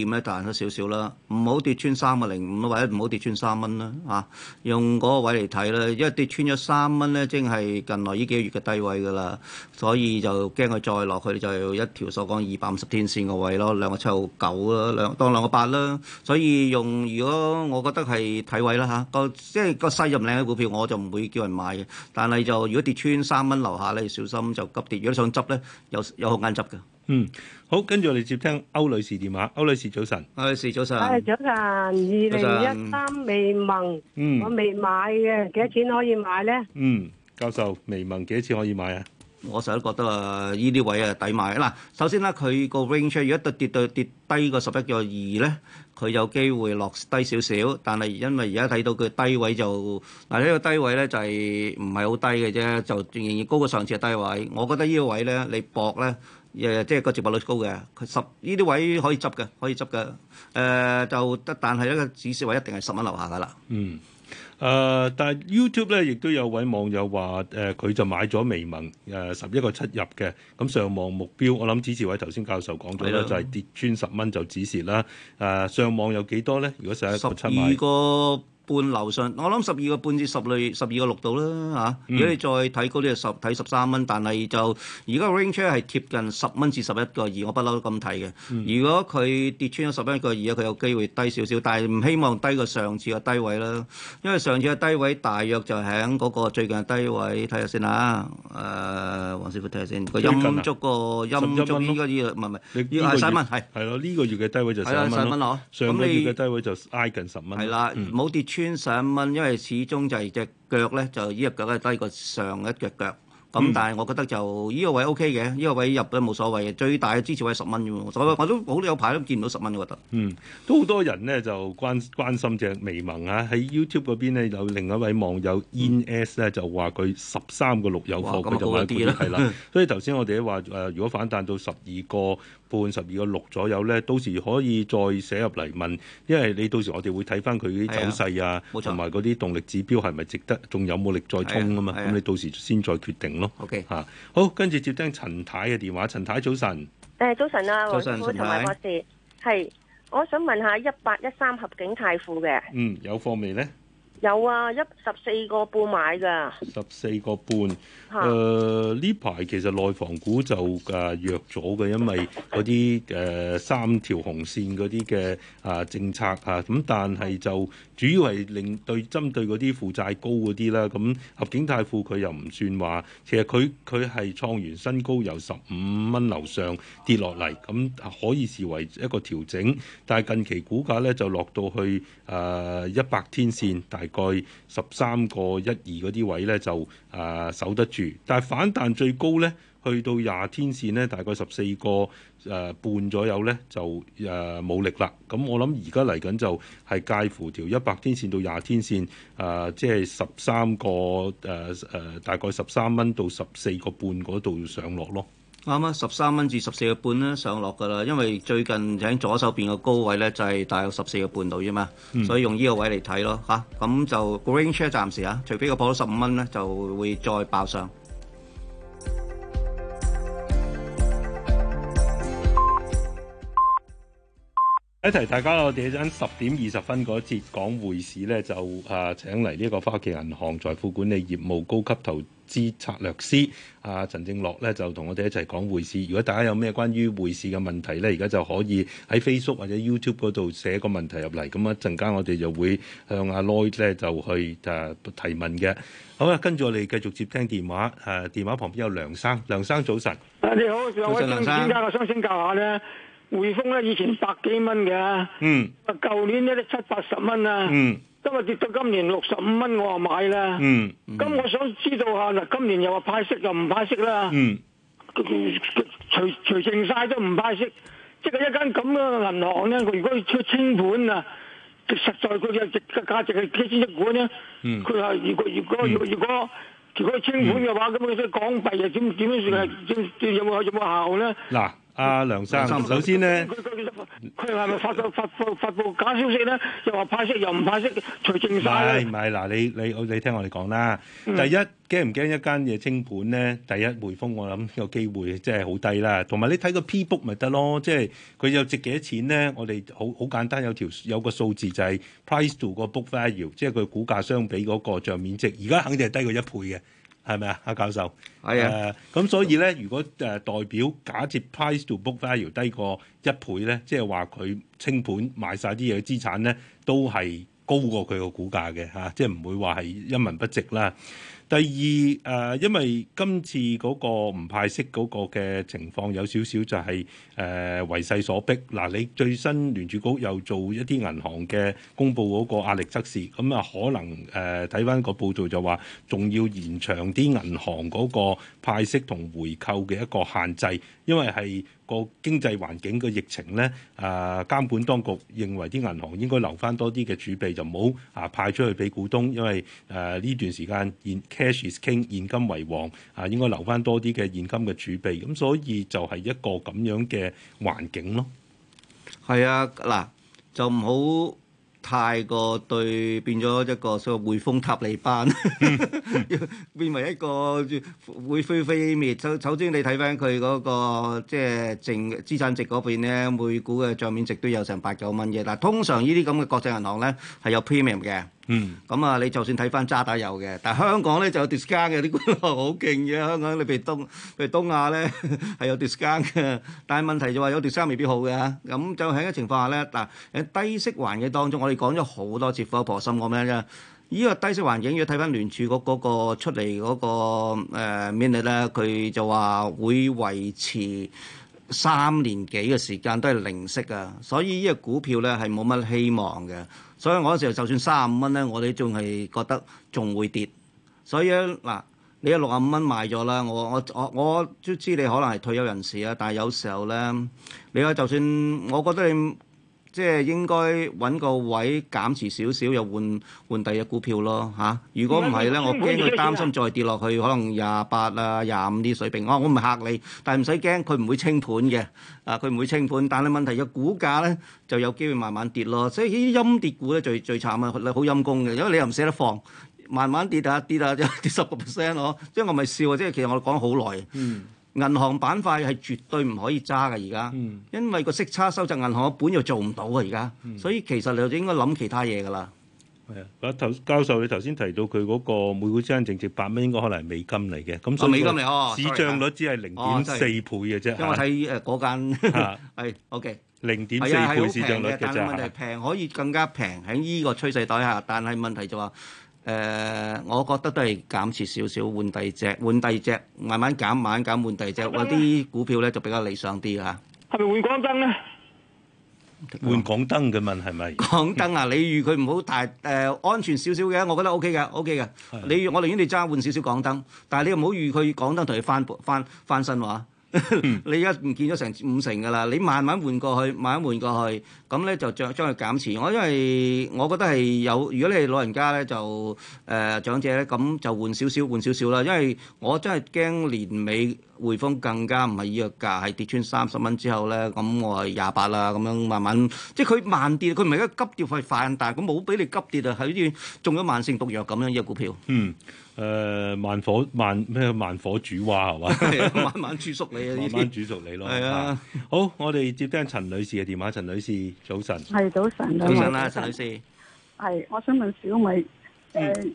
一掂咧，彈咗少少啦，唔好跌穿三個零五或者唔好跌穿三蚊啦，嚇、啊，用嗰個位嚟睇啦，因為跌穿咗三蚊咧，即係近來呢幾個月嘅低位噶啦，所以就驚佢再落去咧，就一條所講二百五十天線個位咯，兩個七毫九啊，兩當兩個八啦，所以用如果我覺得係睇位啦嚇、啊，個即係個勢入唔靚嘅股票，我就唔會叫人買嘅，但係就如果跌穿三蚊留下咧，小心就急跌，如果想執咧，有有好啱執嘅。嗯，好，跟住我哋接聽歐女士電話。歐女士早晨，歐女士早晨，早晨上，二零一三微盟聞，嗯，我未買嘅，幾多錢可以買咧？嗯，教授，微盟幾多錢可以買啊？我成日都覺得啊，依啲位啊抵買啦。首先咧，佢個 range 如果到跌到跌低個十一個二咧，佢有機會落低少少，但係因為而家睇到佢低位就嗱呢個低位咧就係唔係好低嘅啫，就仍然高過上次嘅低位。我覺得呢個位咧，你搏咧。誒即係個接獲率高嘅，佢十呢啲位可以執嘅，可以執嘅。誒就得，但係一個止蝕位一定係十蚊樓下㗎啦。嗯。誒，但係 YouTube 咧亦都有位網友話誒，佢、呃、就買咗微盟誒十一個七入嘅，咁上網目標，我諗止蝕位頭先教授講咗啦，的就係跌穿十蚊就止蝕啦。誒、呃，上網有幾多咧？如果十一個七入。十二個。半流上，我諗十二個半至十類，十二個六度啦嚇。如果你再睇高啲，就睇十三蚊，但係就而家 ring chart 係貼近十蚊至十一個二，我不嬲都咁睇嘅。如果佢跌穿咗十一個二，佢有機會低少少，但係唔希望低過上次嘅低位啦。因為上次嘅低位大約就喺嗰個最近低位睇下先嚇。誒、呃，黃師傅睇下先，個、啊、音足個音足應該要唔係唔係？係十蚊，係係咯，呢個月嘅、呢個、低位就十蚊，咁你嘅低位就挨近十蚊。係啦，冇跌穿。穿上一蚊，因為始終就係隻腳咧,就依隻腳咧低過上一隻腳。咁、嗯、但係我覺得就依個位 OK 嘅，依個位入都冇所謂嘅。最大嘅支持位十蚊啫喎，所以我都好有排都見唔到十蚊，我覺得。嗯，都好多人呢就關關心隻微盟啊，喺 YouTube 嗰邊咧有另一位網友 In S 咧就話佢十三個六有貨，咁就買啦、嗯嗯。所以頭先我哋都話如果反彈到十二個半、十二個六左右呢，到時可以再寫入嚟問，因為你到時我哋會睇翻佢啲走勢啊，同埋嗰啲動力指標係咪值得，仲有冇力再衝啊嘛？咁你到時先再決定咯。O K 吓，Okay. 好，跟住接聽陳太嘅電話。陳太早晨，誒早晨啊，我同埋我波士係，我想問下一八一三合景泰富嘅，嗯，有貨未咧？有啊，一十四個半買噶，十四個半。誒呢排其實內房股就誒弱咗嘅，因為嗰啲誒三條紅線嗰啲嘅啊政策啊，咁但係就主要係令對針對嗰啲負債高嗰啲啦。咁合景泰富佢又唔算話，其實佢佢係創完新高由十五蚊樓上跌落嚟，咁可以視為一個調整。但係近期股價咧就落到去誒一百天線。大。大概十三個一二嗰啲位呢就誒、呃、守得住，但係反彈最高呢，去到廿天線呢，大概十四個誒半左右呢就誒冇、呃、力啦。咁我諗而家嚟緊就係介乎條一百天線到廿天線誒，即係十三個誒誒、呃呃，大概十三蚊到十四個半嗰度上落咯。啱啱！十三蚊至十四個半上落噶啦，因為最近喺左手邊個高位咧就係大約十四個半度啫嘛，所以用依個位嚟睇咯。咁就 Green Share 暫時啊，除非佢破到十五蚊咧，就會再爆上。一提大家，我哋一陣十點二十分嗰節講匯市咧，就啊、呃、請嚟呢個花旗銀行財富管理業務高級投資策略師啊、呃、陳正樂咧，就同我哋一齊講匯市。如果大家有咩關於匯市嘅問題咧，而家就可以喺 Facebook 或者 YouTube 嗰度寫個問題入嚟。咁一陣間我哋就會向阿 Lloyd 咧就去誒提問嘅。好啦，跟住我哋繼續接聽電話。誒、呃，電話旁邊有梁生，梁生早晨。誒、啊，你好，我想請教下咧。匯豐咧以前百幾蚊嘅，嗯，啊舊年呢都七八十蚊啦，嗯，今日跌到今年六十五蚊，我話買啦，嗯，咁我想知道下嗱，今年又話派息又唔派息啦，嗯，隨隨淨晒都唔派息，即係、嗯就是、一間咁嘅銀行咧，佢如果要出清盤啊，佢實在佢嘅值價值係幾錢一股咧，佢係如果如果如果如果清盤嘅話，咁佢啲港幣又點點樣算係、嗯、有冇有冇效咧？嗱。阿、啊、梁生，梁先生首先咧，佢佢係咪發個、呃、發布發布假消息咧？又話派息，又唔派息，除淨曬。唔係唔係，嗱你你你，你聽我哋講啦。第一驚唔驚一間嘢清盤咧？第一匯豐我諗個機會即係好低啦。同埋你睇個 P book 咪得咯，即係佢有，有值幾多錢咧？我哋好好簡單有條有個數字就係 price to 個 book value，即係佢股價相比嗰個帳面值。而家肯定係低過一倍嘅。係咪啊，阿教授？係、呃、啊，咁所以咧，如果誒、呃、代表假設 price to book value 低過一倍咧，即係話佢清盤賣晒啲嘢資產咧，都係高過佢個股價嘅嚇、啊，即係唔會話係一文不值啦。第二誒、呃，因為今次嗰個唔派息嗰個嘅情況有少少就係、是、誒、呃、為勢所逼。嗱、呃，你最新聯儲局又做一啲銀行嘅公布嗰個壓力測試，咁、嗯、啊可能誒睇翻個報道就話仲要延長啲銀行嗰個派息同回購嘅一個限制，因為係個經濟環境嘅疫情咧，誒、呃、監管當局認為啲銀行應該留翻多啲嘅儲備，就唔好啊派出去俾股東，因為誒呢、呃、段時間。cash is king，現金為王，啊，應該留翻多啲嘅現金嘅儲備，咁所以就係一個咁樣嘅環境咯。係啊，嗱，就唔好太過對變咗一個所謂匯豐塔利班，變為一個會灰飛滅。首先，你睇翻佢嗰個即係淨資產值嗰邊咧，每股嘅帳面值都有成八九蚊嘅。嗱，通常呢啲咁嘅國際銀行咧係有 premium 嘅。嗯，咁啊，你就算睇翻渣打有嘅，但香港咧就有 discount 嘅，啲股好勁嘅。香港你譬如東譬如東亞咧係 有 discount 嘅，但係問題就話有 discount 未必好嘅。咁就喺一個情況下咧，嗱喺低息環境當中，我哋講咗好多次父婆心我唔啫？得。依個低息環境要睇翻聯儲嗰嗰個出嚟嗰個 minute 咧，佢就話會維持三年幾嘅時間都係零息啊。所以呢個股票咧係冇乜希望嘅。所以我嗰時候就算三十五蚊咧，我哋仲係覺得仲會跌。所以嗱，你一六十五蚊賣咗啦，我我我我都知你可能係退休人士啊，但係有時候咧，你話就算，我覺得你。即係應該揾個位減持少少，又換換第二隻股票咯嚇。如果唔係咧，我驚佢擔心再跌落去，可能廿八啊、廿五啲水平。啊、我我唔係嚇你，但係唔使驚，佢唔會清盤嘅。啊，佢唔會清盤，但係問題個股價咧就有機會慢慢跌咯。所以呢啲陰跌股咧最最慘啊，你好陰功嘅，因為你又唔捨得放，慢慢跌下跌下，跌十個 percent 哦。即係我咪笑啊，即係其實我講咗好耐。嗯銀行板塊係絕對唔可以揸嘅而家，嗯、因為個息差收窄，銀行嘅本又做唔到啊而家，嗯、所以其實你就應該諗其他嘢㗎啦。係啊、嗯，頭教授你頭先提到佢嗰個每股資產淨值八蚊，應該可能係美金嚟嘅，咁所以美金嚟市賬率只係零點四倍嘅啫。啊哦、因為睇誒嗰間係、啊、 OK 零點四倍市賬率嘅啫。啊、但係問題平是可以更加平喺呢個趨勢底下，但係問題就係。誒，uh, 我覺得都係減少少少，換第二隻，換第二隻，慢慢減慢，慢慢減換，換第二隻，嗰啲股票咧就比較理想啲嚇。係咪換港燈咧？換港燈嘅問係咪？廣 燈啊，你預佢唔好大誒，安全少少嘅，我覺得 OK 嘅，OK 嘅。的你我寧願你揸換少少港燈，但係你又唔好預佢港燈同你翻盤翻翻身話。啊。 你而家唔見咗成五成㗎啦，你慢慢換過去，慢慢換過去，咁咧就將將佢減錢。我因為我覺得係有，如果你係老人家咧，就誒、呃、長者咧，咁就換少少，換少少啦。因為我真係驚年尾。匯豐更加唔係呢個價，係跌穿三十蚊之後咧，咁我係廿八啦，咁樣慢慢，即係佢慢跌，佢唔係一個急跌，係慢跌，咁冇俾你急跌啊，係好似中咗慢性毒藥咁樣呢個股票。嗯，誒慢火慢咩？慢火煮蛙係嘛？慢慢煮熟你啊！慢慢煮熟你咯。係啊，好，我哋接聽陳女士嘅電話。陳女士，早晨。係早晨。早晨啊，陳女士。係，我想問小米誒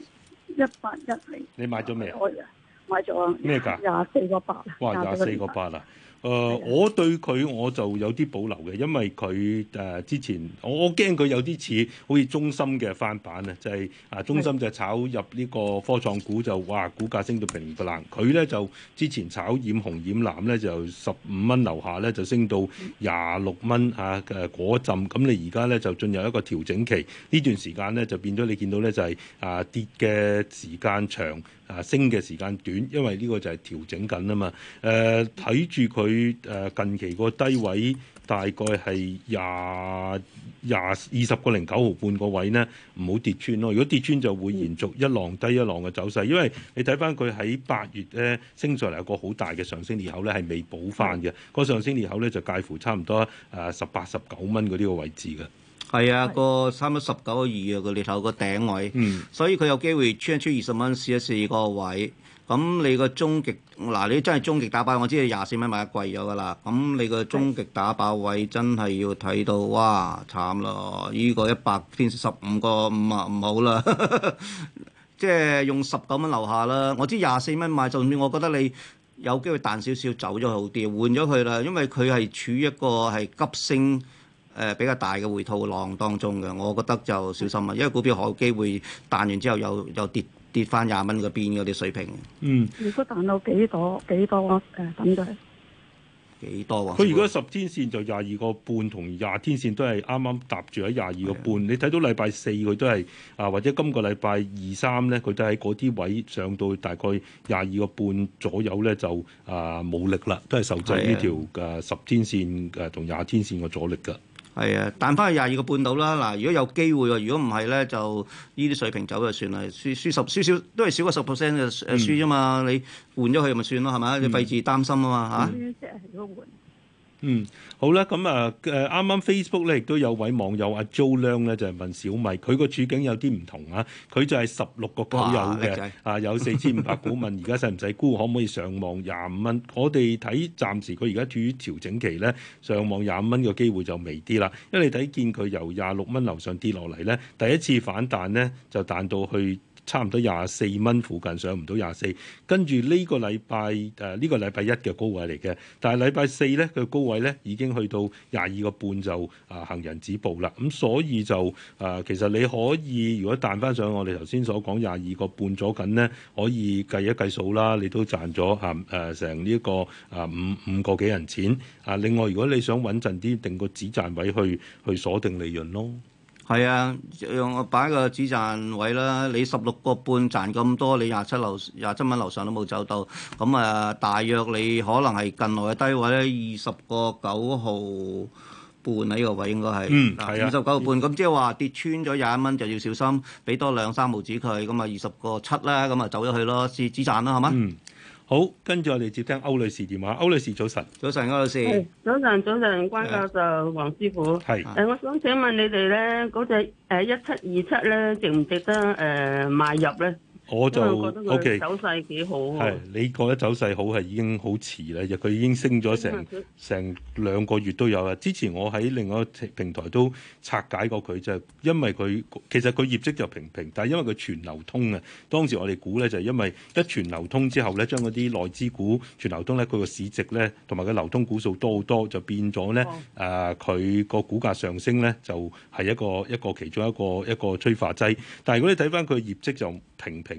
一八一零，你買咗未啊？開啊！買咗哇啊！咩㗎的？廿四個八。哇！廿四個八啊！誒，我對佢我就有啲保留嘅，因為佢誒之前，我驚佢有啲似好似中心嘅翻版啊，就係啊，中心就炒入呢個科創股就哇，股價升到平不爛。佢咧就之前炒染紅染藍咧，就十五蚊樓下咧就升到廿六蚊啊誒嗰陣。咁你而家咧就進入一個調整期，呢段時間咧就變咗你見到咧就係啊跌嘅時間長。啊，升嘅時間短，因為呢個就係調整緊啊嘛。誒、呃，睇住佢誒近期個低位大概係廿廿二十個零九毫半個位呢，唔好跌穿咯。如果跌穿就會延續一浪低一浪嘅走勢，因為你睇翻佢喺八月咧升上嚟有個好大嘅上升裂口咧，係未補翻嘅。個上升裂口咧就介乎差唔多誒十八十九蚊嗰啲個位置嘅。係啊，個差唔多十九個二啊個裏頭個頂位，嗯、所以佢有機會穿一穿二十蚊試一試個位。咁你個終極嗱、啊，你真係終極打爆，我知你廿四蚊買得貴咗㗎啦。咁你個終極打爆位真係要睇到哇，慘咯！依、這個一百跌十五個五啊，唔好啦。即係用十九蚊留下啦。我知廿四蚊買，就算我覺得你有機會彈少少，走咗好啲，換咗佢啦。因為佢係處於一個係急升。誒比較大嘅回吐浪當中嘅，我覺得就小心啊，因為股票好有機會彈完之後又又跌跌返廿蚊嗰邊嗰啲水平。嗯，如果彈到幾多幾多誒等佢？幾多啊？佢如果十天線就廿二個半，同廿天線都係啱啱搭住喺廿二個半。你睇到禮拜四佢都係啊，或者今個禮拜二三咧，佢都喺嗰啲位上到大概廿二個半左右咧，就啊冇力啦，都係受制呢條誒十天線誒同廿天線嘅阻力㗎。係啊，彈翻去廿二個半度啦！嗱，如果有機會喎，如果唔係咧，就依啲水平走就算啦。輸輸十少少都係少過十 percent 嘅輸啫、嗯、嘛。你換咗佢咪算咯，係咪啊？你費事擔心啊嘛嚇。嗯，好啦，咁、嗯、啊，誒啱啱 Facebook 咧，亦都有位網友阿 Jo 孃咧，eng, 就問小米，佢個處境有啲唔同啊，佢就係十六個九有嘅，啊有四千五百股問，而家使唔使沽可唔可以上望廿五蚊？我哋睇暫時佢而家處於調整期咧，上望廿五蚊嘅機會就微啲啦，因為你睇見佢由廿六蚊樓上跌落嚟咧，第一次反彈咧就彈到去。差唔多廿四蚊附近，上唔到廿四，跟住呢個禮拜誒呢、呃呢個禮拜一嘅高位嚟嘅，但係禮拜四咧佢高位咧已經去到廿二個半就啊、呃、行人止步啦，咁、嗯、所以就啊、呃、其實你可以如果彈翻上我哋頭先所講廿二個半左近咧，可以計一計數啦，你都賺咗啊誒成呢一個啊、呃、五五個幾銀錢啊，另外如果你想穩陣啲定個止賺位去去鎖定利潤咯。係啊，用我擺個止賺位啦。你十六個半賺咁多，你廿七樓廿七蚊樓上都冇走到，咁啊、呃，大約你可能係近來嘅低位咧，二十個九號半喺呢個位應該係。嗯，係啊。二十個九號半，咁即係話跌穿咗廿一蚊就要小心，俾多兩三毫子佢，咁啊二十個七啦，咁啊走咗去咯，試止賺啦，係嘛？嗯。好，跟住我哋接聽歐女士電話。歐女士，早晨。早晨，歐女士、哦。早晨，早晨，關教授，是是黃師傅。係是。誒、呃，我想請問你哋咧，嗰隻誒一七二七咧，值唔值得誒買、呃、入咧？我就 O.K. 走勢幾好喎、係。你覺得走勢好係已經好遲啦，因佢已經升咗成成兩個月都有啦。之前我喺另外一個平台都拆解過佢，就係、是、因為佢其實佢業績就平平，但係因為佢全流通啊。當時我哋估咧就係因為一全流通之後咧，將嗰啲內資股全流通咧，佢個市值咧同埋個流通股數多好多，就變咗咧誒佢個股價上升咧就係一個一個其中一個一個催化劑。但係如果你睇翻佢業績就平平。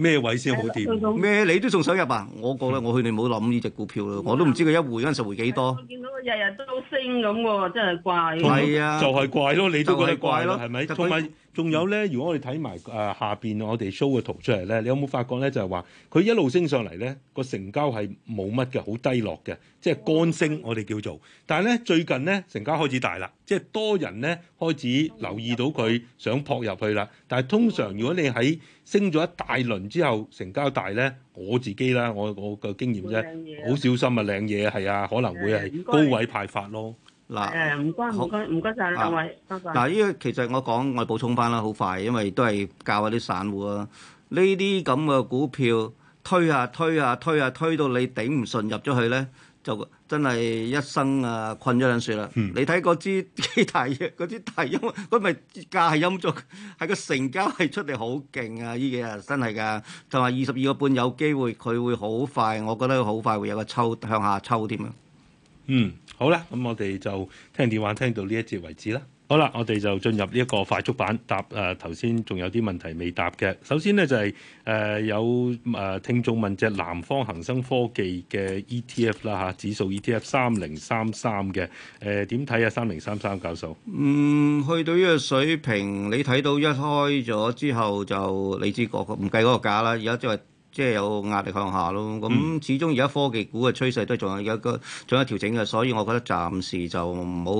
咩位先好啲？咩你都仲想入啊？我覺得我去你冇諗呢隻股票囉、嗯。我都唔知佢一回跟十回幾多。我見到日日都升咁喎，真係怪係啊！就係怪咯，你都覺得怪咯，係咪？同埋仲有咧，如果我哋睇埋誒下邊我哋 show 嘅圖出嚟咧，你有冇發覺咧？就係話佢一路升上嚟咧，個成交係冇乜嘅，好低落嘅，即係乾升我哋叫做。但係咧，最近咧成交開始大啦，即係多人咧開始留意到佢想撲入去啦。但係通常如果你喺升咗一大輪之後，成交大咧，我自己啦，我我嘅經驗啫，好小心啊，領嘢係啊，可能會係高位派發咯。嗱、呃，誒唔該唔該唔該曬兩位，嗱呢個其實我講我補充翻啦，好快，因為都係教下啲散戶啊，呢啲咁嘅股票推下，推下推下推下推到你頂唔順入咗去咧就。真係一生啊困咗兩歲啦！嗯、你睇嗰支幾大，大音，嗰啲大音，佢咪大音足，係個成交係出嚟好勁啊！呢幾日真係㗎，同埋二十二個半有機會，佢會好快，我覺得佢好快會有個抽向下抽添啊！嗯，好啦，咁我哋就聽電話聽到呢一節為止啦。好啦，我哋就進入呢一個快速版答，誒頭先仲有啲問題未答嘅。首先咧就係誒有誒聽眾問隻南方恒生科技嘅 ETF 啦，啊、嚇，指數 ETF 三零三三嘅誒點睇啊？三零三三教授，嗯，去到呢個水平，你睇到一開咗之後就你知個唔、那個、計嗰個價啦，而家即係。即係有壓力向下咯，咁始終而家科技股嘅趨勢都仲有個仲有調整嘅，所以我覺得暫時就唔好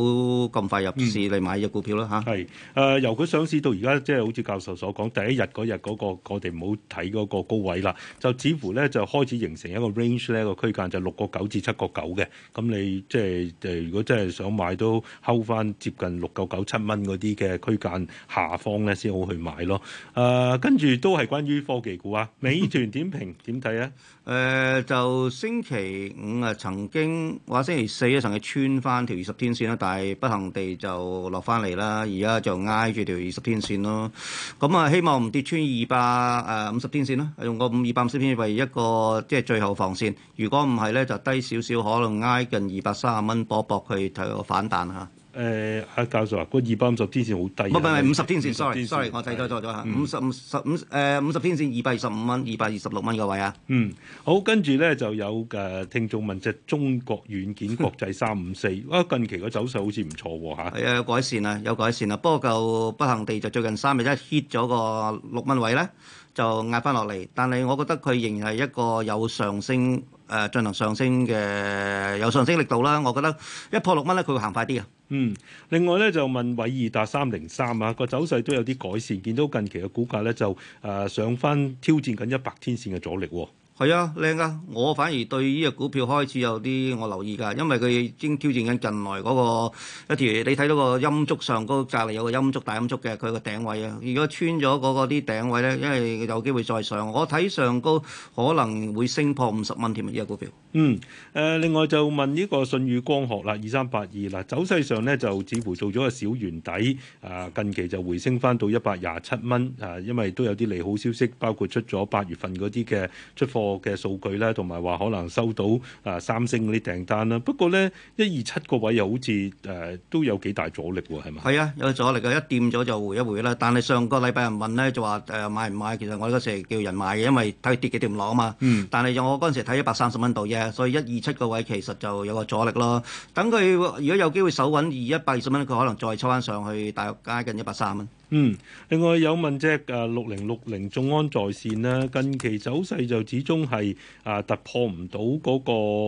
咁快入市嚟買隻股票啦嚇。係誒，由佢上市到而家，即係好似教授所講，第一日嗰日嗰個，我哋唔好睇嗰個高位啦，就似乎咧就開始形成一個 range 咧個區間，就六個九至七個九嘅。咁你即係誒，如果真係想買都 hold 翻接近六九九七蚊嗰啲嘅區間下方咧，先好去買咯。誒，跟住都係關於科技股啊，美團。點評點睇咧？誒、呃、就星期五啊，曾經話星期四啊，曾經穿翻條二十天線啦，但係不幸地就落翻嚟啦。而家就挨住條二十天線咯。咁啊，希望唔跌穿二百誒五十天線咯。用個五二百五十天線為一個即係、就是、最後防線。如果唔係咧，就低少少，可能挨近二百三十蚊，搏搏佢睇個反彈嚇。誒阿、呃、教授啊，嗰二百五十天線好低，唔係唔係五十天線，sorry sorry，我睇多咗咗嚇，五十五十五誒五十天線二百二十五蚊、二百二十六蚊個位啊。嗯，好跟住咧就有誒聽眾問隻中國軟件國際三五四哇，近期個走勢好似唔錯嚇。係啊，改善啦，有改善啊。不過就不幸地就最近三日一 hit 咗個六蚊位咧就嗌翻落嚟。但係我覺得佢仍然係一個有上升誒、呃，進行上升嘅有上升力度啦。我覺得一破六蚊咧，佢會行快啲啊。嗯，另外咧就問偉易達三零三啊，個走勢都有啲改善，見到近期嘅股價咧就誒、呃、上返挑戰緊一百天線嘅阻力喎、哦。係啊，靚㗎！我反而對呢隻股票開始有啲我留意㗎，因為佢已經挑戰緊近來嗰、那個，例如你睇到個陰燭上高，隔、那、離、個、有個陰燭大陰燭嘅，佢個頂位啊！如果穿咗嗰個啲頂位咧，因為有機會再上。我睇上高可能會升破五十蚊添啊！呢、這個股票嗯，誒、呃，另外就問呢個舜宇光學啦，二三八二啦，走勢上咧就似乎做咗個小圓底啊，近期就回升返到一百廿七蚊啊，因為都有啲利好消息，包括出咗八月份嗰啲嘅出貨。嘅數據咧，同埋話可能收到啊三星嗰啲訂單啦。不過咧，一二七個位又好似誒、呃、都有幾大阻力喎，係咪？係啊，有阻力嘅，一掂咗就回一回啦。但係上個禮拜人問咧就話誒、呃、買唔買？其實我嗰時叫人買嘅，因為睇跌幾跌唔攞啊嘛。嗯。但係我嗰陣時睇一百三十蚊度啫，所以一二七個位其實就有個阻力咯。等佢如果有機會守穩二一百二十蚊，佢可能再抽翻上去大概接近一百三蚊。嗯，另外有問隻誒六零六零眾安在線咧，近期走勢就始終係啊突破唔到嗰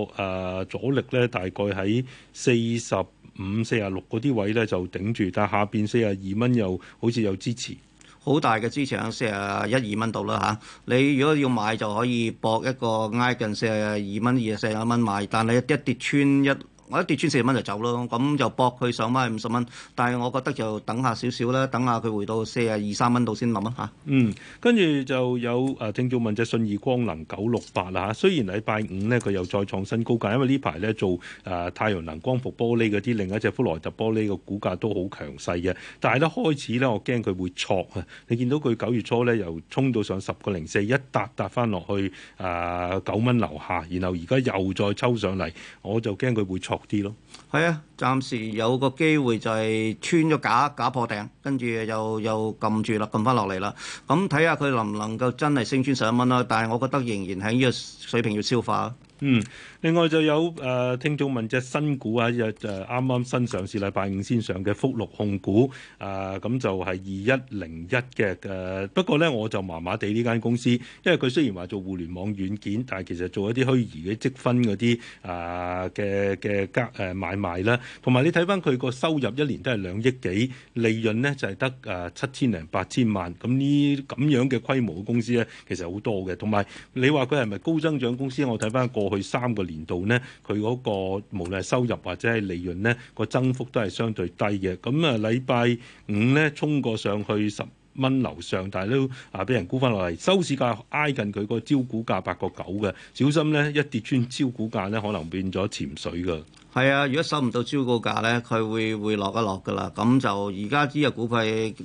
個，啊、阻力咧，大概喺四十五四十六嗰啲位咧就頂住，但下邊四十二蚊又好似有支持，好大嘅支持喺四十一二蚊度啦嚇。你如果要買就可以搏一個挨近四十二蚊二啊四十蚊買，但係一跌跌穿一。我一跌穿四十蚊就走咯，咁就搏佢上翻去五十蚊。但係我覺得就等下少少啦，等下佢回到四十二三蚊度先諗啊嚇。想想嗯，跟住就有啊聽眾問隻信義光能九六八啊嚇。雖然禮拜五呢，佢又再創新高價，因為呢排呢做啊太陽能光伏玻璃嗰啲另一隻福萊特玻璃個股價都好強勢嘅。但係一開始咧，我驚佢會挫啊。你見到佢九月初咧又衝到上十個零四，一踏踏翻落去啊九蚊樓下，然後而家又再抽上嚟，我就驚佢會挫。啲咯，係啊，暫時有個機會就係穿咗假假破頂，跟住又又撳住啦，撳翻落嚟啦。咁睇下佢能唔能夠真係升穿十一蚊啦。但係我覺得仍然喺呢個水平要消化嗯。另外就有誒、呃、聽眾問隻新股啊，一誒啱啱新上市，禮拜五先上嘅福祿控股，啊咁、嗯、就係二一零一嘅誒。不過咧，我就麻麻地呢間公司，因為佢雖然話做互聯網軟件，但係其實做一啲虛擬嘅積分嗰啲啊嘅嘅交誒買賣啦。同埋你睇翻佢個收入一年都係兩億幾，利潤咧就係得誒七千零八千萬。咁呢咁樣嘅規模嘅公司咧，其實好多嘅。同埋你話佢係咪高增長公司？我睇翻過去三個年。年度咧，佢嗰、那個無論係收入或者係利潤，呢個增幅都係相對低嘅。咁啊，禮拜五呢，衝過上去十蚊樓上，但係都啊，俾人沽翻落嚟，收市價挨近佢個招股價八個九嘅，小心呢一跌穿招股價呢，可能變咗潛水嘅。係啊，如果收唔到超高價咧，佢會會落一落噶啦。咁就而家呢隻股票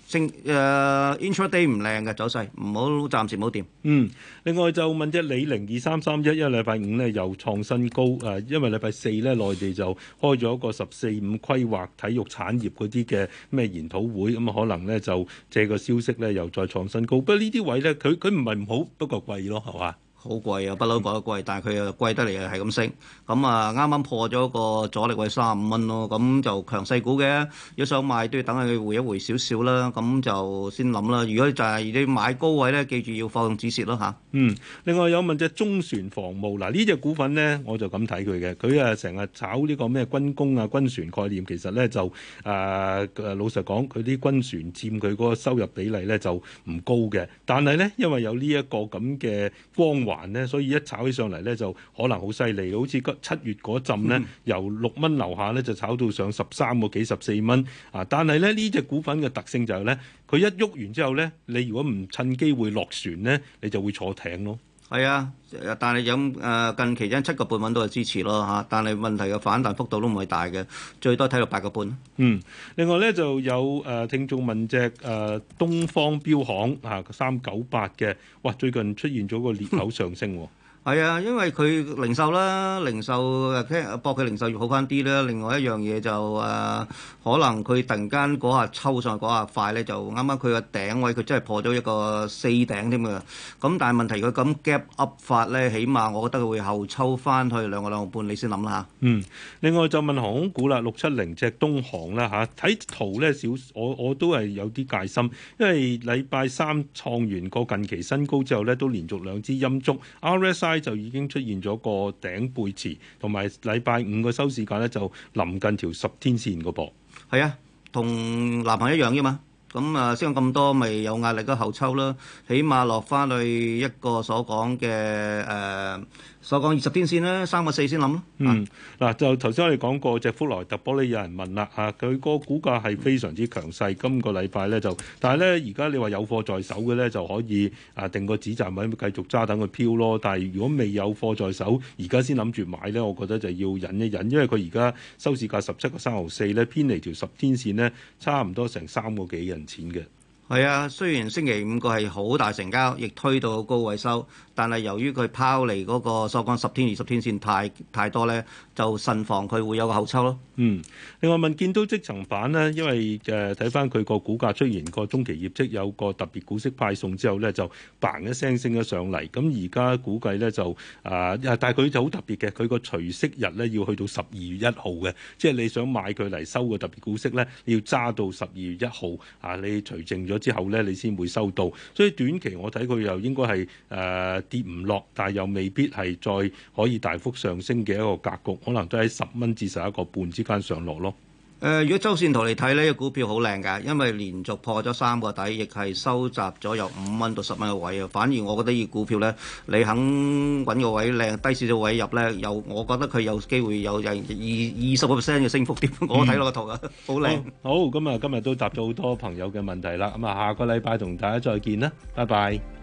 升誒，intraday 唔靚嘅走勢，唔好、uh, 暫時唔好掂。嗯，另外就問一李寧二三三一，一禮拜五咧又創新高誒、呃，因為禮拜四咧內地就開咗一個十四五規劃體育產業嗰啲嘅咩研討會，咁、嗯、啊可能咧就借個消息咧又再創新高。不過呢啲位咧，佢佢唔係唔好，不過貴咯，係嘛？好貴啊，不嬲講得貴，但係佢又貴得嚟，係咁升。咁啊，啱啱破咗個阻力位三十五蚊咯。咁就強勢股嘅，要想買都要等佢回一回少少啦。咁就先諗啦。如果就係你買高位咧，記住要放用止蝕咯嚇。嗯，另外有問隻中船防務，嗱呢隻股份咧，我就咁睇佢嘅。佢啊成日炒呢個咩軍工啊軍船概念，其實咧就誒誒、呃、老實講，佢啲軍船佔佢嗰個收入比例咧就唔高嘅。但係咧，因為有呢、這、一個咁嘅光環。咧，所以一炒起上嚟咧就可能好犀利，好似七月嗰陣咧，由六蚊樓下咧就炒到上十三個幾十四蚊啊！但係咧呢隻、這個、股份嘅特性就係、是、咧，佢一喐完之後咧，你如果唔趁機會落船咧，你就會坐艇咯。係啊，但係有誒近期因七個半揾到嘅支持咯，但係問題嘅反彈幅度都唔係大嘅，最多睇到八個半。嗯，另外咧就有誒、呃、聽眾問隻誒東方標行啊三九八嘅，哇！最近出現咗個裂口上升喎。 係啊，因為佢零售啦，零售聽博佢零售業好翻啲啦。另外一樣嘢就誒、呃，可能佢突然間嗰下抽上嗰下快咧，就啱啱佢個頂位佢真係破咗一個四頂添㗎。咁但係問題佢咁 gap up 法咧，起碼我覺得佢會後抽翻去兩個兩個半，你先諗下。嗯，另外就問航空股啦，六七零隻東航啦嚇，睇圖咧少，我我都係有啲戒心，因為禮拜三創完個近期新高之後咧，都連續兩支陰燭 RSI。就已經出現咗個頂背馳，同埋禮拜五個收市價呢就臨近條十天線個噃。係啊，同男朋友一樣啫嘛。咁啊，升咁多咪有壓力個後抽啦，起碼落翻去一個所講嘅誒。呃所講二十天線啦，三個四先諗咯。嗯，嗱就頭先我哋講過隻福來特玻璃有人問啦嚇，佢、啊、個股價係非常之強勢。嗯、今個禮拜咧就，但係咧而家你話有貨在手嘅咧就可以啊定個止賺位繼續揸等佢飄咯。但係如果未有貨在手，而家先諗住買咧，我覺得就要忍一忍，因為佢而家收市價十七個三毫四咧，偏離條十天線咧差唔多成三個幾銀錢嘅。係啊，雖然星期五個係好大成交，亦推到高位收，但係由於佢拋離嗰個收緊十天二十天線太太多咧，就慎防佢會有個後抽咯。嗯，另外問建滔積層板呢，因為誒睇返佢個股價出現個中期業績有個特別股息派送之後咧，就嘭一聲升咗上嚟。咁而家估計咧就啊、呃，但係佢就好特別嘅，佢個除息日咧要去到十二月一號嘅，即係你想買佢嚟收個特別股息咧，你要揸到十二月一號啊！你除淨咗。之後咧，你先會收到，所以短期我睇佢又應該係誒、呃、跌唔落，但係又未必係再可以大幅上升嘅一個格局，可能都喺十蚊至十一個半之間上落咯。誒，如果周線圖嚟睇，呢個股票好靚㗎，因為連續破咗三個底，亦係收集咗有五蚊到十蚊嘅位啊。反而我覺得要股票咧，你肯揾個位靚，低少少位入咧，有我覺得佢有機會有有二二十個 percent 嘅升幅點。 我睇落個圖啊，嗯、好靚好。 好，咁啊，今日都答咗好多朋友嘅問題啦。咁啊，下個禮拜同大家再見啦，拜拜。